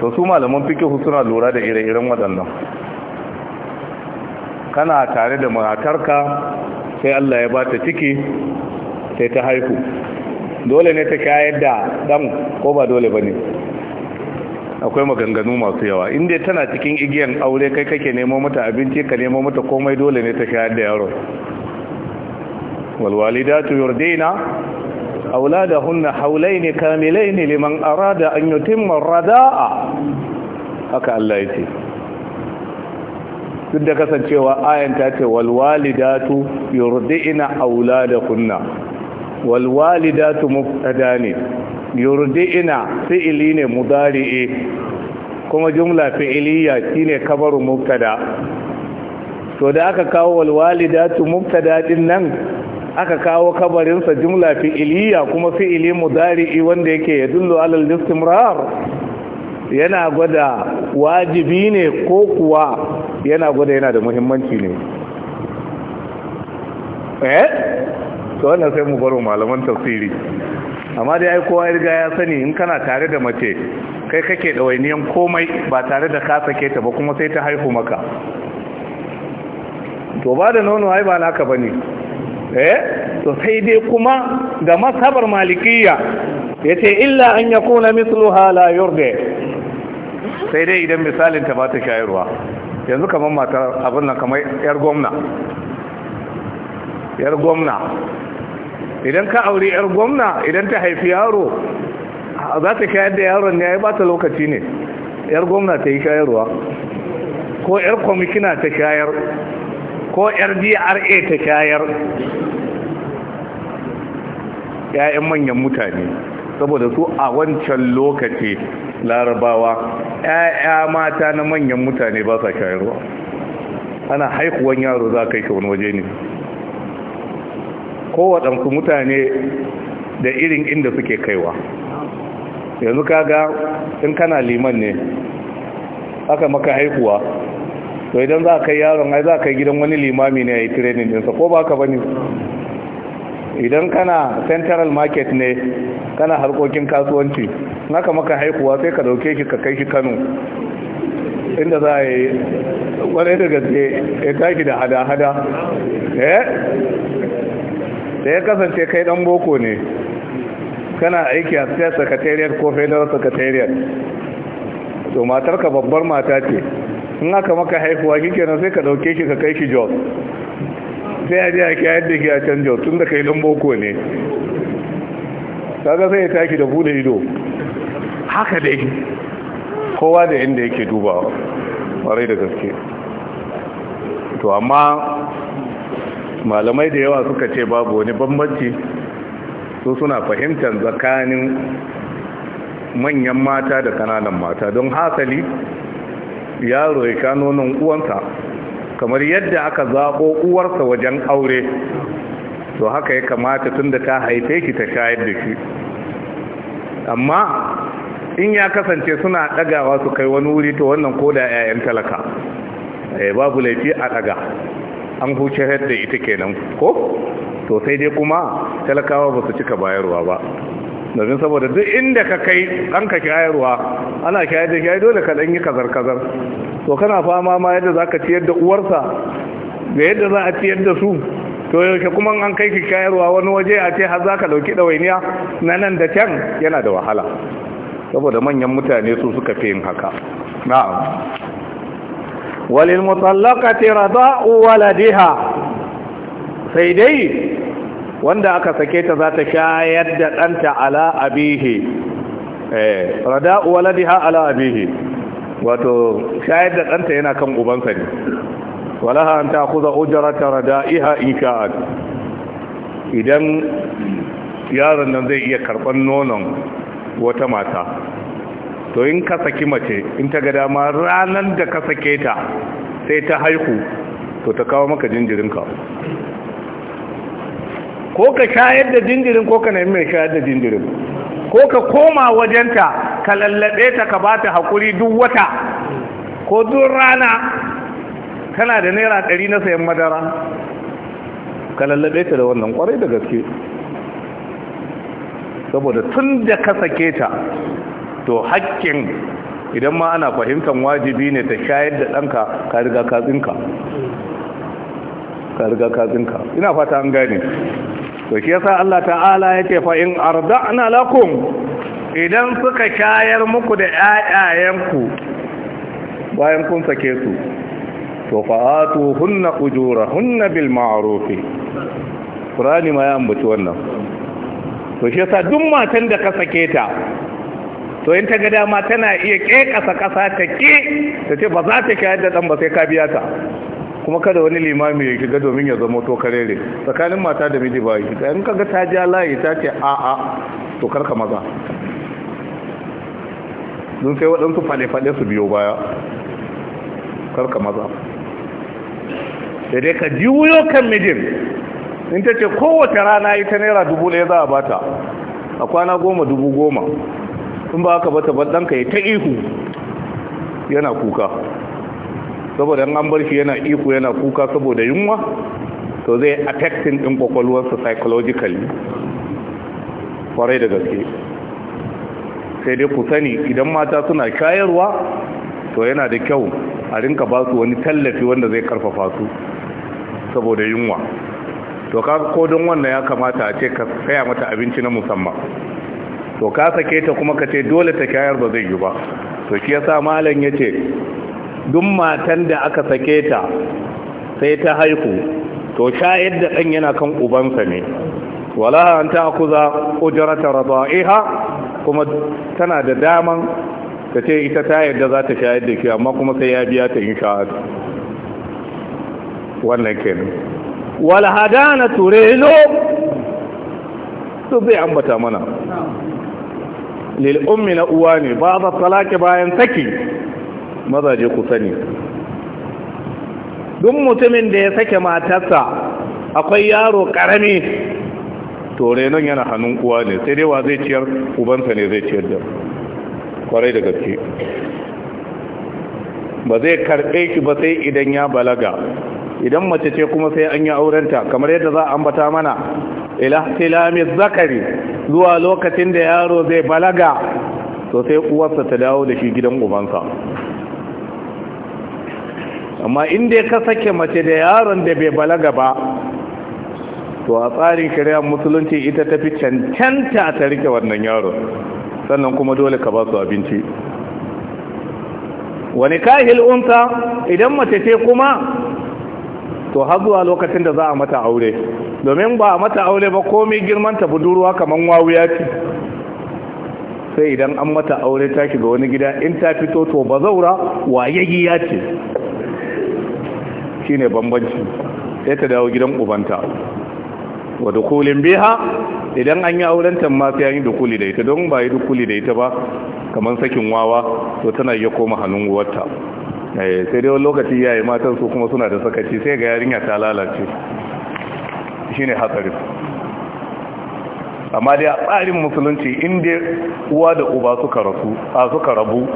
to su malaman fikihu suna lura da ire-iren waɗannan kana tare da matarka sai Allah ya ba ta ciki sai ta haihu dole ne ta kayar da ɗan ko ba dole ba ne akwai maganganu masu yawa inda tana cikin igiyan aure kai kake nemo mata abinci ka nemo mata komai dole ne ta shayar da yaro walwalidatu yurdina auladahunna haulaini kamilaini liman arada an yutimma radaa haka Allah yake duk da kasancewa ayan ta ce walwalidatu yurdina auladahunna walwalidatu mubtada ne yurdi'ina fi'ili ne mudari'i kuma jumla fi'iliya shine kabaru mubtada to da aka kawo walwalidatu mubtada din nan aka kawo kabarinsa jumla fi'iliya kuma fi'ili mudari'i wanda yake yadullu alal istimrar yana gwada wajibi ne ko kuwa yana gwada yana da muhimmanci ne eh to wannan sai mu baro malaman tafsiri amma dai ai kowa riga ya sani in kana tare da mace kai kake wainiyan komai ba tare da ka sake ta ba kuma sai ta haihu maka to ba da nono ai ba naka bane eh to sai dai kuma ga masabar malikiyya yace illa an yakuna mithluha la yurdi sai dai idan misalin ta ba ta shayarwa yanzu kamar mata abin nan kamar yar gwamna yar gwamna idan ka aure yar gwamna idan ta haifi yaro za ta shayar da yaron ne ya ba ta lokaci ne yar gwamna ta yi shayarwa ko yar kwamishina ta shayar ko yar dra ta shayar ya'yan manyan mutane saboda su a wancan lokaci larabawa ya'ya mata na manyan mutane ba sa shayarwa ana haihuwan yaro za ka yi wani waje ne kowaɗansu mutane da irin inda suke kaiwa yanzu kaga in kana liman ne aka maka haihuwa to idan za ka kai yaron ai za ka kai gidan wani limami ne a yi training dinsa ko ba ka bane idan kana central market ne kana harkokin kasuwanci naka maka haihuwa sai ka dauke shi ka kai shi kano inda za a yi wani daga ya tashi da hada-hada eh da ya kasance kai dan boko ne kana aiki a state secretariat ko federal secretariat to matarka babbar mata ce in aka maka haifuwa nan sai ka dauke shi ka kai shi job sai a je a da ke a can job tun da kai dan boko ne kaga sai ya tashi da bude ido haka dai kowa da inda yake dubawa kwarai da gaske to amma malamai da yawa suka ce babu wani bambanci su suna fahimtar tsakanin manyan mata da kananan mata don hasali yaro ya kano nan uwansa kamar yadda aka zaɓo uwarsa wajen aure to haka ya kamata tun da ta haife ki ta shayar da shi amma in ya kasance suna ɗagawa su kai wani wuri to wannan koda 'ya'yan talaka eh, babu laifi a ɗaga an huciyar da ita kenan ko to sai dai kuma talakawa ba su cika bayarwa ba domin saboda duk inda ka kai an ka shayarwa ana shayar da shayar dole ka ɗanyi kazar-kazar to kana fama ma yadda za ka ciyar da uwarsa da yadda za a ciyar da su to yaushe kuma an kai ki shayarwa wani waje a ce har za ka ɗauki ɗawainiya na nan da can yana da wahala saboda manyan mutane su suka fi yin haka na'am walil mutallaqati rada'u waladiha sai dai wanda aka sake ta za ta shayar da ɗanta ala abihi eh rada'u waladiha ala abihi wato shayar da ɗanta yana kan ubansa ne walaha an ta kuza ujrata rada'iha in sha'at idan yaron nan zai iya karɓar nonon wata mata to in ka saki mace in ta ga dama ranar da ka sake ta sai ta haihu to ta kawo maka jinjirinka ko ka shayar da jinjirin ko ka nemi shayar da jinjirin ko ka koma wajenta ka lallabe ta ka ba ta haƙuri duk wata ko duk rana kana da naira ɗari na sayan madara ka lallabe ta da wannan ƙwarai da gaske saboda tun da ka sake ta to hakkin idan ma ana fahimtar wajibi ne ta shayar da ɗanka ka riga ka tsinka ka riga ka tsinka ina fata an gane to shi yasa Allah ta'ala yake fa in arda'na lakum idan suka shayar muku da ƴaƴayenku bayan kun sake su to fa atuhunna ujurahunna bil ma'ruf Qur'ani ma ya ambaci wannan to shi yasa duk matan da ka sake ta to in ta ga dama tana iya ƙeƙasa ƙasa ta ke ta ce ba za ta shayar da ɗan ba sai ka biya ta kuma kada wani limami ya shiga domin ya zama to karere tsakanin mata da miji ba shi in kaga ta ja layi ta ce a a to karka maza don sai waɗansu fale-fale su biyo baya karka maza sai dai ka juyo kan mijin in ta ce kowace rana ita naira dubu ɗaya za a bata a kwana goma dubu goma in ba ka bata ka ya ta ihu yana kuka saboda an bar shi yana ihu yana kuka saboda yunwa to zai affecting ɗin kwakwalwarsa psychologically kwarai da gaske sai dai ku sani idan mata suna shayarwa to yana da kyau a rinka ba su wani tallafi wanda zai karfafa su saboda yunwa to ka ko don wannan ya kamata a ce ka saya mata abinci na musamman to ka sake ta kuma ka ce dole ta shayar ba zai yi ba to shi yasa malam yace duk matan da aka sake ta sai ta haihu to shayar da ɗan yana kan ubansa ne wala an ta kuza ujrata radaiha kuma tana da daman ta ce ita ta yarda za ta shayar da shi amma kuma sai ya biya ta insha wannan kenan wal hadana turelo to bai ambata mana lil ummi na uwa ne ba za talaki bayan saki mazaje ku sani duk mutumin da ya sake matarsa akwai yaro karami to renon yana hannun uwa ne sai dai wa zai ciyar ubansa ne zai ciyar da kwarai da gaske ba zai karɓe ki ba sai idan ya balaga idan mace ce kuma sai an yi aurenta kamar yadda za a ambata mana ila tilami zakari zuwa lokacin da yaro zai balaga to sai uwarsa ta dawo da shi gidan ubansa amma inda ka sake mace da yaron da bai balaga ba to a tsarin shari'ar musulunci ita tafi cancanta ta rike wannan yaron sannan kuma dole ka ba su abinci wani kahil unta idan mace ce kuma to har zuwa lokacin da za a mata aure domin ba a mata aure ba komai girman ta budurwa kaman wawuya ce sai idan an mata aure ta ga wani gida in ta fito to ba zaura ya ce shine bambanci sai ta dawo gidan ubanta wa dukulin biha idan an yi auren ma sai an yi dukuli da ita don ba yi dukuli da ita ba kamar sakin wawa to tana iya koma hannun uwarta Eh, sai dai lokaci yayi matan su kuma suna da sakaci sai ga yarinya ta lalace shine hatsarin amma dai a tsarin musulunci inda uwa da uba suka rasu a suka rabu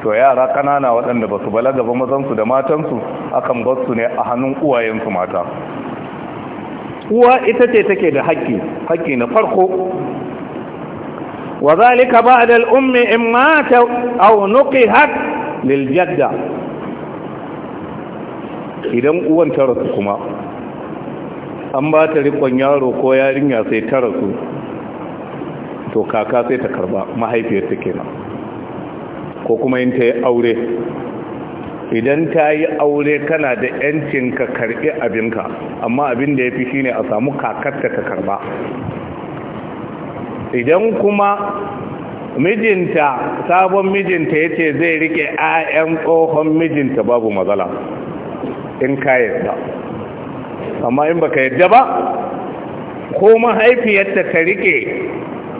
to yara kanana waɗanda ba su balaga ba mazansu da matansu akan bar su ne a hannun uwayensu mata uwa ita ce take da haƙƙi haƙƙi na farko wa zalika ba'da al-ummi in mata aw nuqihat liljadda idan uwan ta rasu kuma an ba ta rikon yaro ko yarinya sai ta rasu to kaka sai ta karba mahaifiyarta kenan ko kuma yin ta yi aure idan ta yi aure kana da yancin ka karbi abinka amma abin da ya fi shine a samu kakarta ta karba idan kuma mijinta sabon mijinta ya ce zai rike 'ya'yan tsohon mijinta babu matsala in ka yadda amma in baka yadda ba ko mahaifiyarta ta rike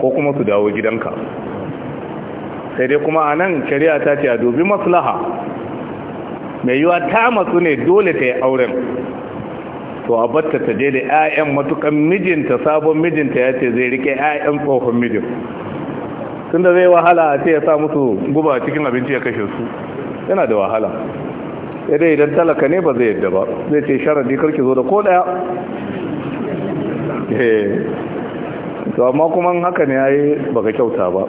ko kuma su dawo gidanka sai dai kuma a nan shari'a ta ce a dubi maslaha mai yiwa ta matsu ne dole ta yi auren to a batta ta je da 'ya'yan matukan mijinta sabon mijinta ya ce zai rike 'ya'yan tsohon mijin da zai wahala a ce ya sa musu guba cikin abinci ya kashe su yana da wahala Yadda idan talaka ne ba zai yadda ba zai ce sharadi karki zo da ko daya eh, to amma kuma haka ne yayi baka kyauta ba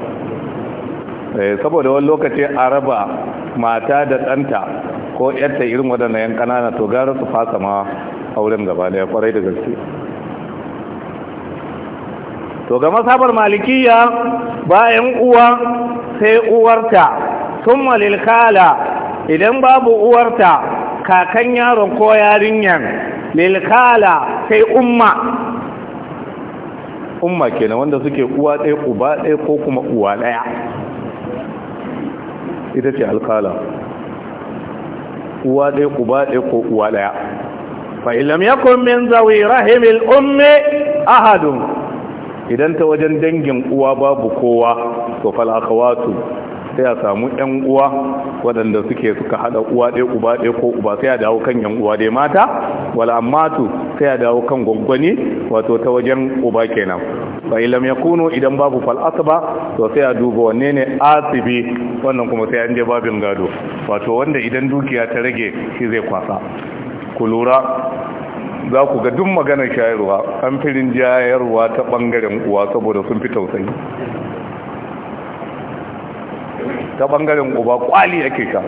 eh, saboda wani lokaci a raba mata da ɗanta ko yadda irin waɗannan yan ƙanana to gara su fasa ma auren gaba da ya kwarai da gaske to ga masabar malikiya bayan uwa sai uwarta sun malilkala idan babu uwarta kakan yaron ko yarinyar, lilkala sai umma umma kenan wanda suke uwa ɗaya uba ɗaya ko kuma uwa ɗaya ita ce alkala uwa ɗaya uba ɗaya ko uwa ɗaya fa'ilam yakun min zawi rahimil umme ahadun idan ta wajen dangin uwa babu kowa to fal akhawatu sai a samu yan uwa waɗanda suke suka hada uwa ɗaya uba ɗaya ko uba sai a dawo kan yan uwa dai mata wala ammatu sai a dawo kan gwangwani wato ta wajen uba kenan fa ilam yakunu idan babu fal asba to sai a duba wanne ne asibi wannan kuma sai an je babin gado wato wanda idan dukiya ta rage shi zai kwasa ku lura za ku ga duk maganar shayarwa an firin jayarwa ta bangaren uwa saboda sun fi tausayi ta bangaren uba kwali ake sha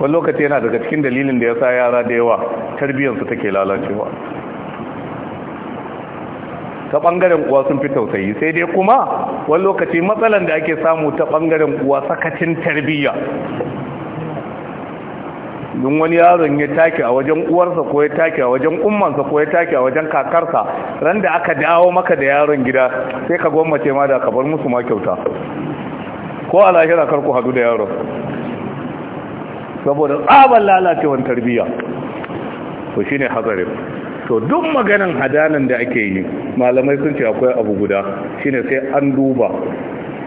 wani lokaci yana daga cikin dalilin da ya sa yara da yawa tarbiyyarsu take lalacewa ta bangaren uwa sun fi tausayi sai dai kuma wani lokaci matsalan da ake samu ta bangaren uwa sakacin tarbiyya don wani yaron ya take a wajen uwarsa ko ya take a wajen ummansa ko ya take a wajen kakarsa ran da aka dawo maka da yaron gida sai ka gwammace ma da kabar musu ma kyauta ko a lahira karku hadu da yaron saboda tsaban lalacewar tarbiyya to ne hatsarin to duk maganan hadanan da ake yi malamai sun ce akwai abu guda shine sai an duba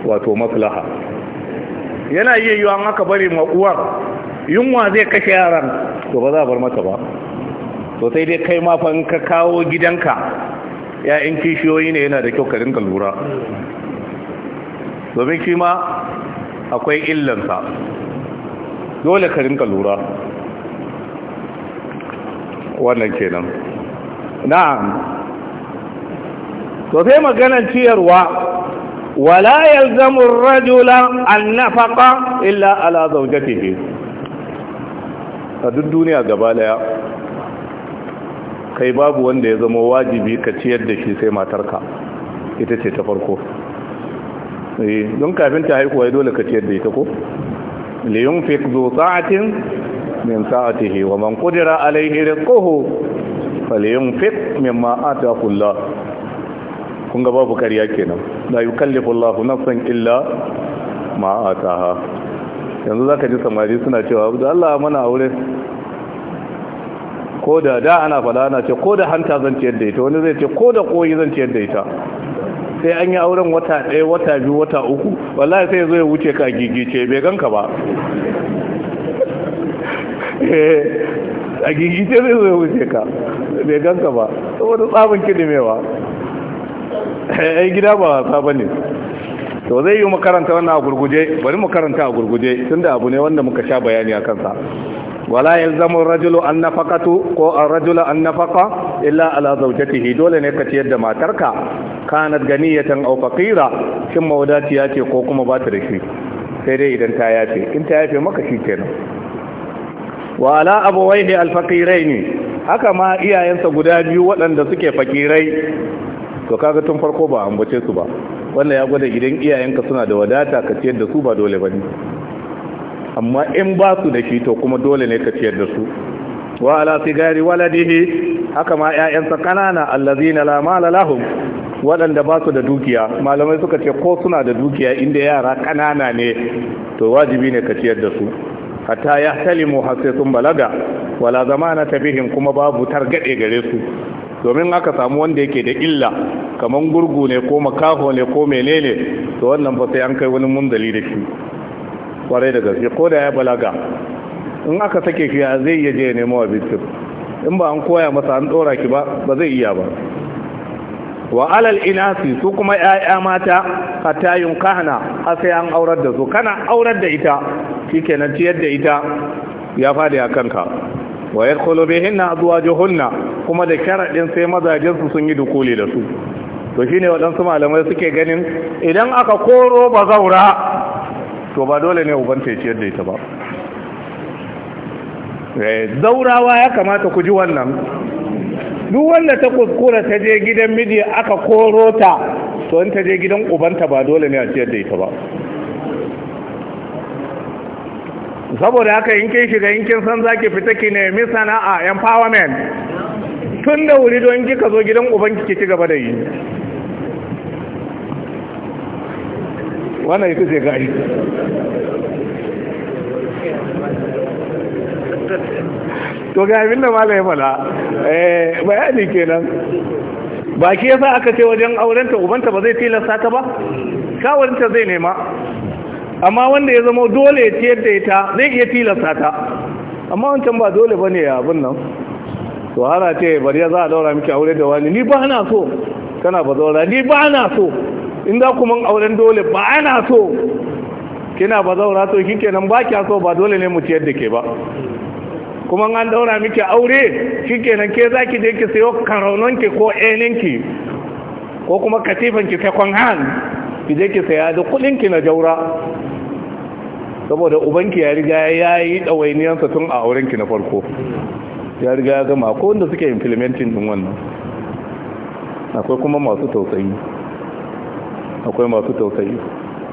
wato maslaha yana iya yiwa an aka bari ma uwar yunwa zai kashe yaran to ba za a bar mata ba to sai dai kai ma fa ka kawo gidanka ya'yan kishiyoyi ne yana da kyau ka dinga lura domin shi ma akwai illansa dole ka dinga lura wannan kenan na'am to sai maganar ciyarwa wala yalzamu ar-rajula an-nafaqa illa ala zawjatihi a duk duniya gaba daya kai babu wanda ya zama wajibi ka ciyar da shi sai matarka ita ce ta farko eh, don kafin ta haiku wai dole ka ciyar da ita ko liyun fi zo sa'atin min sa'atihi wa man qadira alayhi rizquhu falyunfiq mimma ataahu Allah kun ga babu kariya kenan la yukallifu Allahu nafsan illa ma ha yanzu zaka ji samari suna cewa da Allah mana aure ko da da ana fada ana ce ko da hanta zan ciyar da ita wani zai ce ko da koyi zan ciyar da ita sai an yi auren wata ɗaya wata biyu wata uku wallahi sai zai wuce ka ce bai ganka ba eh, a gigice zai zai wuce ka bai ganka ba Wani tsabin kidimewa eh, ai gida ba wasa ba ne to zai yi makaranta wannan a gurguje bari makaranta a gurguje tun da abu ne wanda muka sha bayani a kansa wala ya zama rajulu an nafakatu ko an rajulu an nafaka illa ala zaujatihi dole ne ka ciyar da matarka kanat ganiyatan aw faqira shin ya ce ko kuma ba ta da shi sai dai idan ta yafe in ta yafe maka shi kenan wa ala abawaihi al faqirain haka ma iyayensa guda biyu waɗanda suke fakirai to kaga tun farko ba ambace su ba wannan ya gwada idan iyayenka suna da wadata ka ciyar da su ba dole bane amma in ba su da shi to kuma dole ne ka ciyar da su wa ala sigari waladihi haka ma ƴaƴansa kanana allazina la mala lahum waɗanda ba su da dukiya malamai suka ce ko suna da dukiya inda yara kanana ne to wajibi ne ka ciyar da su hatta ya talimu har sun balaga wala zamana tabihin kuma babu targade gare su domin aka samu wanda yake da illa kamar gurgu ne ko makaho ne ko menene to wannan ba sai an kai wani munzali da shi kwarai da gaske ko da ya balaga in aka sake shi ya zai iya je ya nemo abincin in ba an koya masa an dora ki ba ba zai iya ba wa alal inasi su kuma ƴaƴa mata hatta kahana har sai an aurar da su kana aurar da ita shikenan ciyar da ita ya fadi a ka wa yadkhulu bihinna azwajuhunna kuma da sharadin sai mazajen su sun yi dukuli da su to shine waɗansu malamai suke ganin idan aka koro bazaura to ba dole ne ubanta ya ciyar da ita ba zaurawa eh, ya kamata ku ji wannan duk wanda ta kuskura ta je gidan miji aka koro ta to in ta je gidan ubanta ba dole ne a ciyar da ita ba saboda haka in kin shiga in kin san zaki fita ki nemi sana'a empowerment tun da wuri don kika zo gidan ubanki ki ci gaba da yi wannan ita ce gashi to ga abin da malai fada eh, bayani kenan ba ke yasa aka ce wajen aurenta ubanta ba zai tilasta ta ba kawarinta zai nema amma wanda ya zama dole ya ciyar da ita zai iya tilasta ta amma wancan ba dole bane ya abin nan to hana ce bari ya za a daura miki aure da wani ni ba na so kana ba zaura ni ba na so in za ku auren dole ba ana so kina ba zaura so nan ba kya so ba dole ne mu ciyar da ke ba kuma an daura miki aure nan ke za ki je ki sayo ki ko ki. ko kuma katifan ki ta kwan han ki je ki saya da ki na jaura saboda ubanki ya riga ya yi ɗawainiyarsa tun a auren ki na farko ya riga ya gama ko wanda suke implementing din wannan akwai kuma masu tausayi akwai masu tausayi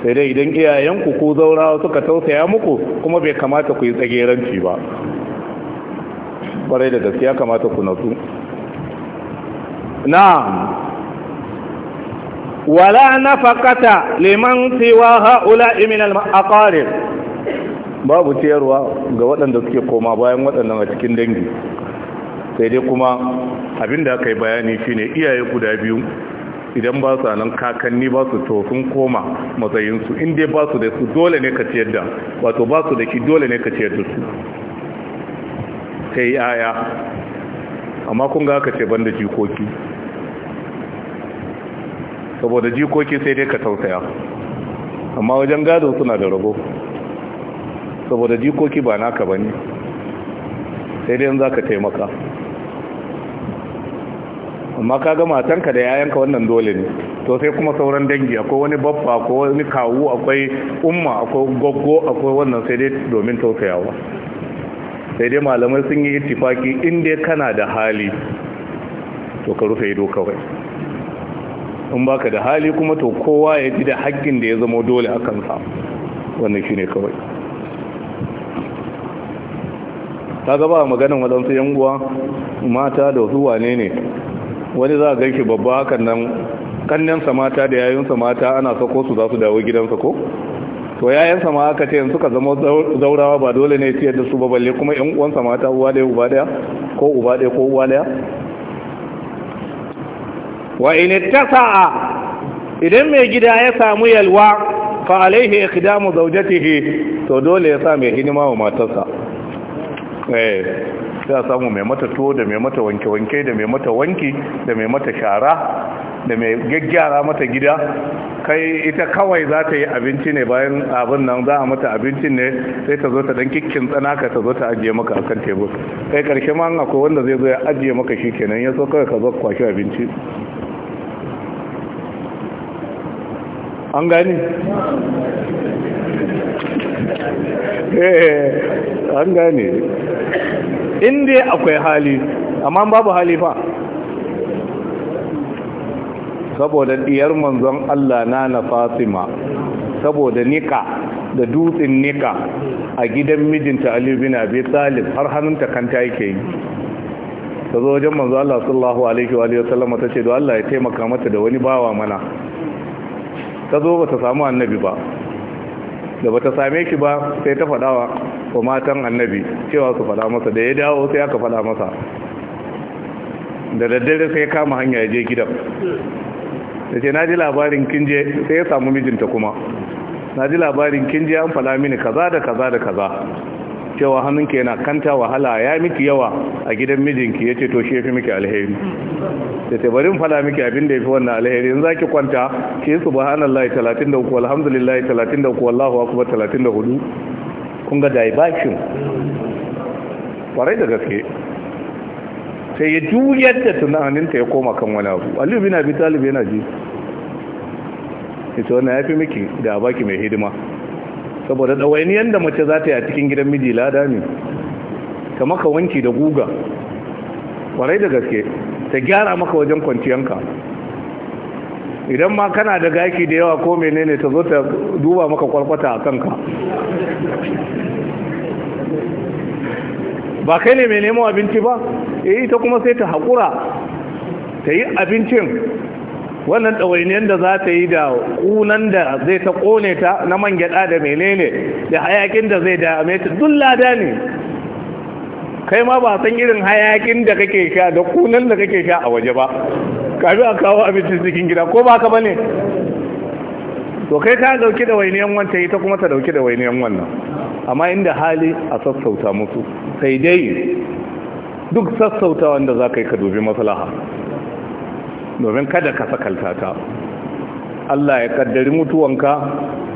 sai dai idan iyayenku ko zaurawa suka tausaya muku kuma bai kamata ku yi tsageranci ba kwarai da gaskiya kamata ku nasu Na. wala nafaqata liman siwa haula min al-aqarib babu ciyarwa ga waɗanda suke koma bayan waɗannan a cikin dangi sai dai kuma abinda aka yi bayani shine iyaye guda biyu idan ba su nan kakanni ba su to sun koma matsayinsu in dai ba su da su dole ne ka ciyar da wato ba su da shi dole ne ka ciyar da su yi aya. amma kun ga aka ce banda jikoki saboda jikoki sai dai ka tausaya amma wajen gado suna da rago saboda jikoki ba naka ba ne sai dai za ka taimaka amma ka ga matanka da yayanka wannan dole ne to sai kuma sauran dangi akwai wani babba akwai wani kawu akwai umma akwai goggo akwai wannan sai dai domin tausayawa sai dai malamai sun yi ittifaki in dai kana da hali to ka rufe ido kawai in baka da hali kuma to kowa ya ji da haƙƙin da ya zama dole a kansa wannan shine kawai ta gaba maganin waɗansu yan uwa mata da wasu wane ne wani za a gaishe babba hakan nan kannensa mata da yayinsa mata ana sako su za su dawo gidansa ko to yayansa ma aka ce suka zama zaurawa ba dole ne ciyar da su ba balle kuma yan uwansa mata uwa ɗaya uba ɗaya ko uba ɗaya ko uwa ɗaya wa in tasa'a idan mai gida ya samu yalwa fa alaihi iqdamu zawjatihi to dole ya sa mai hidima wa matarsa eh za a samu mai mata tuwo da mai mata wanke-wanke da mai mata wanki da mai mata shara da mai gaggyara mata gida kai ita kawai za ta yi abinci ne bayan abin nan za a mata abincin ne sai ta zo ta dan kikkin tsanaka ta zo ta ajiye maka akan tebur kai karshe ma akwai wanda zai zo ya ajiye maka shi kenan ya so kawai ka zo kwashe abinci an gani eh, an gani inda akwai hali amma babu hali fa saboda diyar manzon Allah na na Fatima saboda nika da dutsin nika a gidan mijinta Ali bin Abi Talib har hannunta kanta yake yi tazo wajen manzon Allah sallallahu alaihi wa sallam ta ce do Allah ya taimaka mata da wani bawa mana ta zo ba ta samu annabi ba da ba ta same shi ba sai ta faɗawa wa matan annabi cewa su faɗa masa da ya dawo sai aka faɗa masa da daddare sai kama hanya ya je gidan da ce na ji labarin kinje sai ya samu mijinta kuma na ji labarin kinje an faɗa mini kaza da kaza da kaza cewa hannunki yana kanta wahala ya yi miki yawa a gidan mijinki ya ce to shi ya fi miki alheri da ta bari fada miki abin da ya fi wannan alheri in za ki kwanta ki yi subhanallah 33 alhamdulillah 33 wallahu akbar 34 kun ga diversion kwarai da gaske sai ya juyar da tunaninta ya koma kan wani abu aliyu bin abi talib yana ji ita wannan ya fi miki da baki mai hidima saboda ɗawainiyar da mace za ta yi a cikin gidan miji lada ne ka wanki da guga kwarai da gaske ta gyara maka wajen kwanciyanka idan ma kana da gaki da yawa ko menene ta zo ta duba maka kwalkwata a kanka ba kai ne mai neman abinci ba e eh, ta kuma sai ta haƙura ta yi abincin wannan ɗawainiyar da za ta yi da kunan da zai ta kone ta na man gyaɗa da menene da hayakin da zai dame ta duk lada ne kai ma ba san irin hayakin da kake sha da kunan da kake sha a waje ba kafi a kawo abincin cikin gida ko ba ka ba ne to kai ta ɗauki da wainiyan wancan ita kuma ta ɗauki da wainiyan wannan amma inda hali a sassauta musu sai dai duk sassauta wanda za ka yi ka dubi maslaha domin kada ka sakalta ta Allah ya kaddari mutuwanka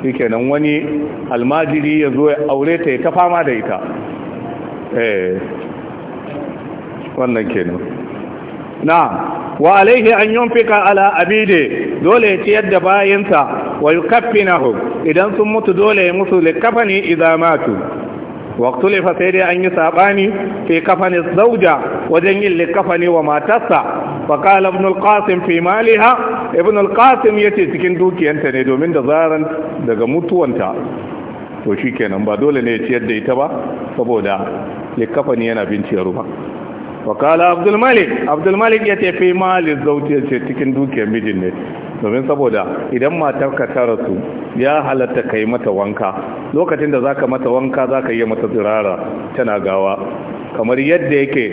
nan wani almajiri ya zo ya aure ta ya ta fama da ita eh wannan kenan na wa alaihi an yunfika ala abide dole ya ciyar da bayinsa wa yukaffinahu idan sun mutu dole ya musu likafani idan matu waqtulifa sai dai an yi sabani fi kafani zawja wajen yin likafani wa matarsa فقال ابن القاسم في مالها ابن القاسم يتي cikin dukiyanta ne domin da zaran daga mutuwanta to shikenan ba dole ne ya ciyar da ita ba saboda ne yana ciyar ruwa وقال عبد الملك عبد الملك yace fi mali zauti yace cikin dukiyar mijin ne domin saboda idan matarka ta rasu ya halatta kai mata wanka lokacin da zaka mata wanka zaka yi mata zirara tana gawa kamar yadda yake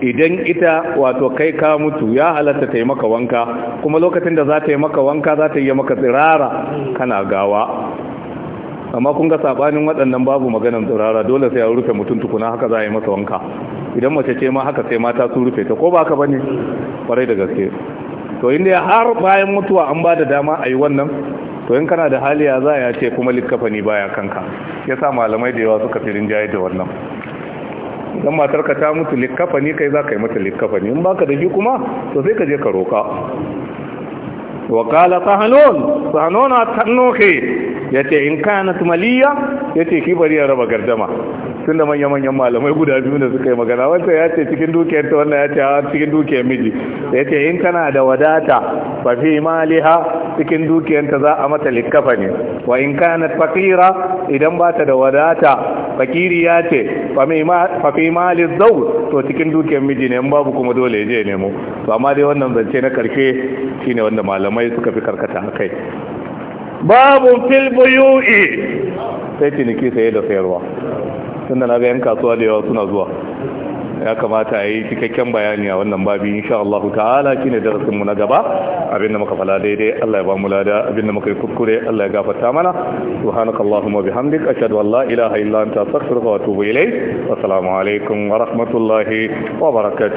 idan ita wato kai ka mutu ya halatta ta yi maka wanka kuma lokacin da za ta yi maka wanka za ta yi maka tsirara kana gawa amma kun ga sabanin waɗannan babu maganan tsirara dole sai a rufe mutum tukuna haka za a yi masa wanka idan mace ce ma haka sai mata su rufe ta ko ba ka bane kwarai da gaske to inda har bayan mutuwa an ba da dama a yi wannan to in kana da hali ya za ya ce kuma likkafani baya kanka ya sa malamai da yawa suka fi rinjaye da wannan dan matar ka ta mutu likkafa kai za ka yi mata likkafa ne in baka da shi kuma to sai ka je ka roka وقال طهنون طهنون sahanun يتي tanuhi كانت in يتي maliya yace shi bari ya raba tunda manya manyan malamai guda biyu da suka yi magana wanda ya ce cikin dukiyar ta wannan ya ce a cikin dukiyar miji ya ce in tana da wadata fa fi maliha cikin dukiyar ta za a mata likkafa ne wa in kana faqira idan ba ta da wadata fakiri ya ce fa fi mali zau to cikin dukiyar miji ne in babu kuma dole ya je nemo to amma dai wannan zance na karshe shine wanda malamai malamai suka fi karkata kai babu fil buyu'i sai ciniki saye da sayarwa tunda na ga yan kasuwa da yawa suna zuwa ya kamata a yi cikakken bayani a wannan babi insha Allah ta'ala shine darasin mu na gaba abinda muka fala daidai Allah ya ba mu lada abinda muka yi kuskure Allah ya gafarta mana subhanakallahumma bihamdik ashhadu an la ilaha illa anta astaghfiruka wa atubu ilayk assalamu alaikum wa rahmatullahi wa barakatuh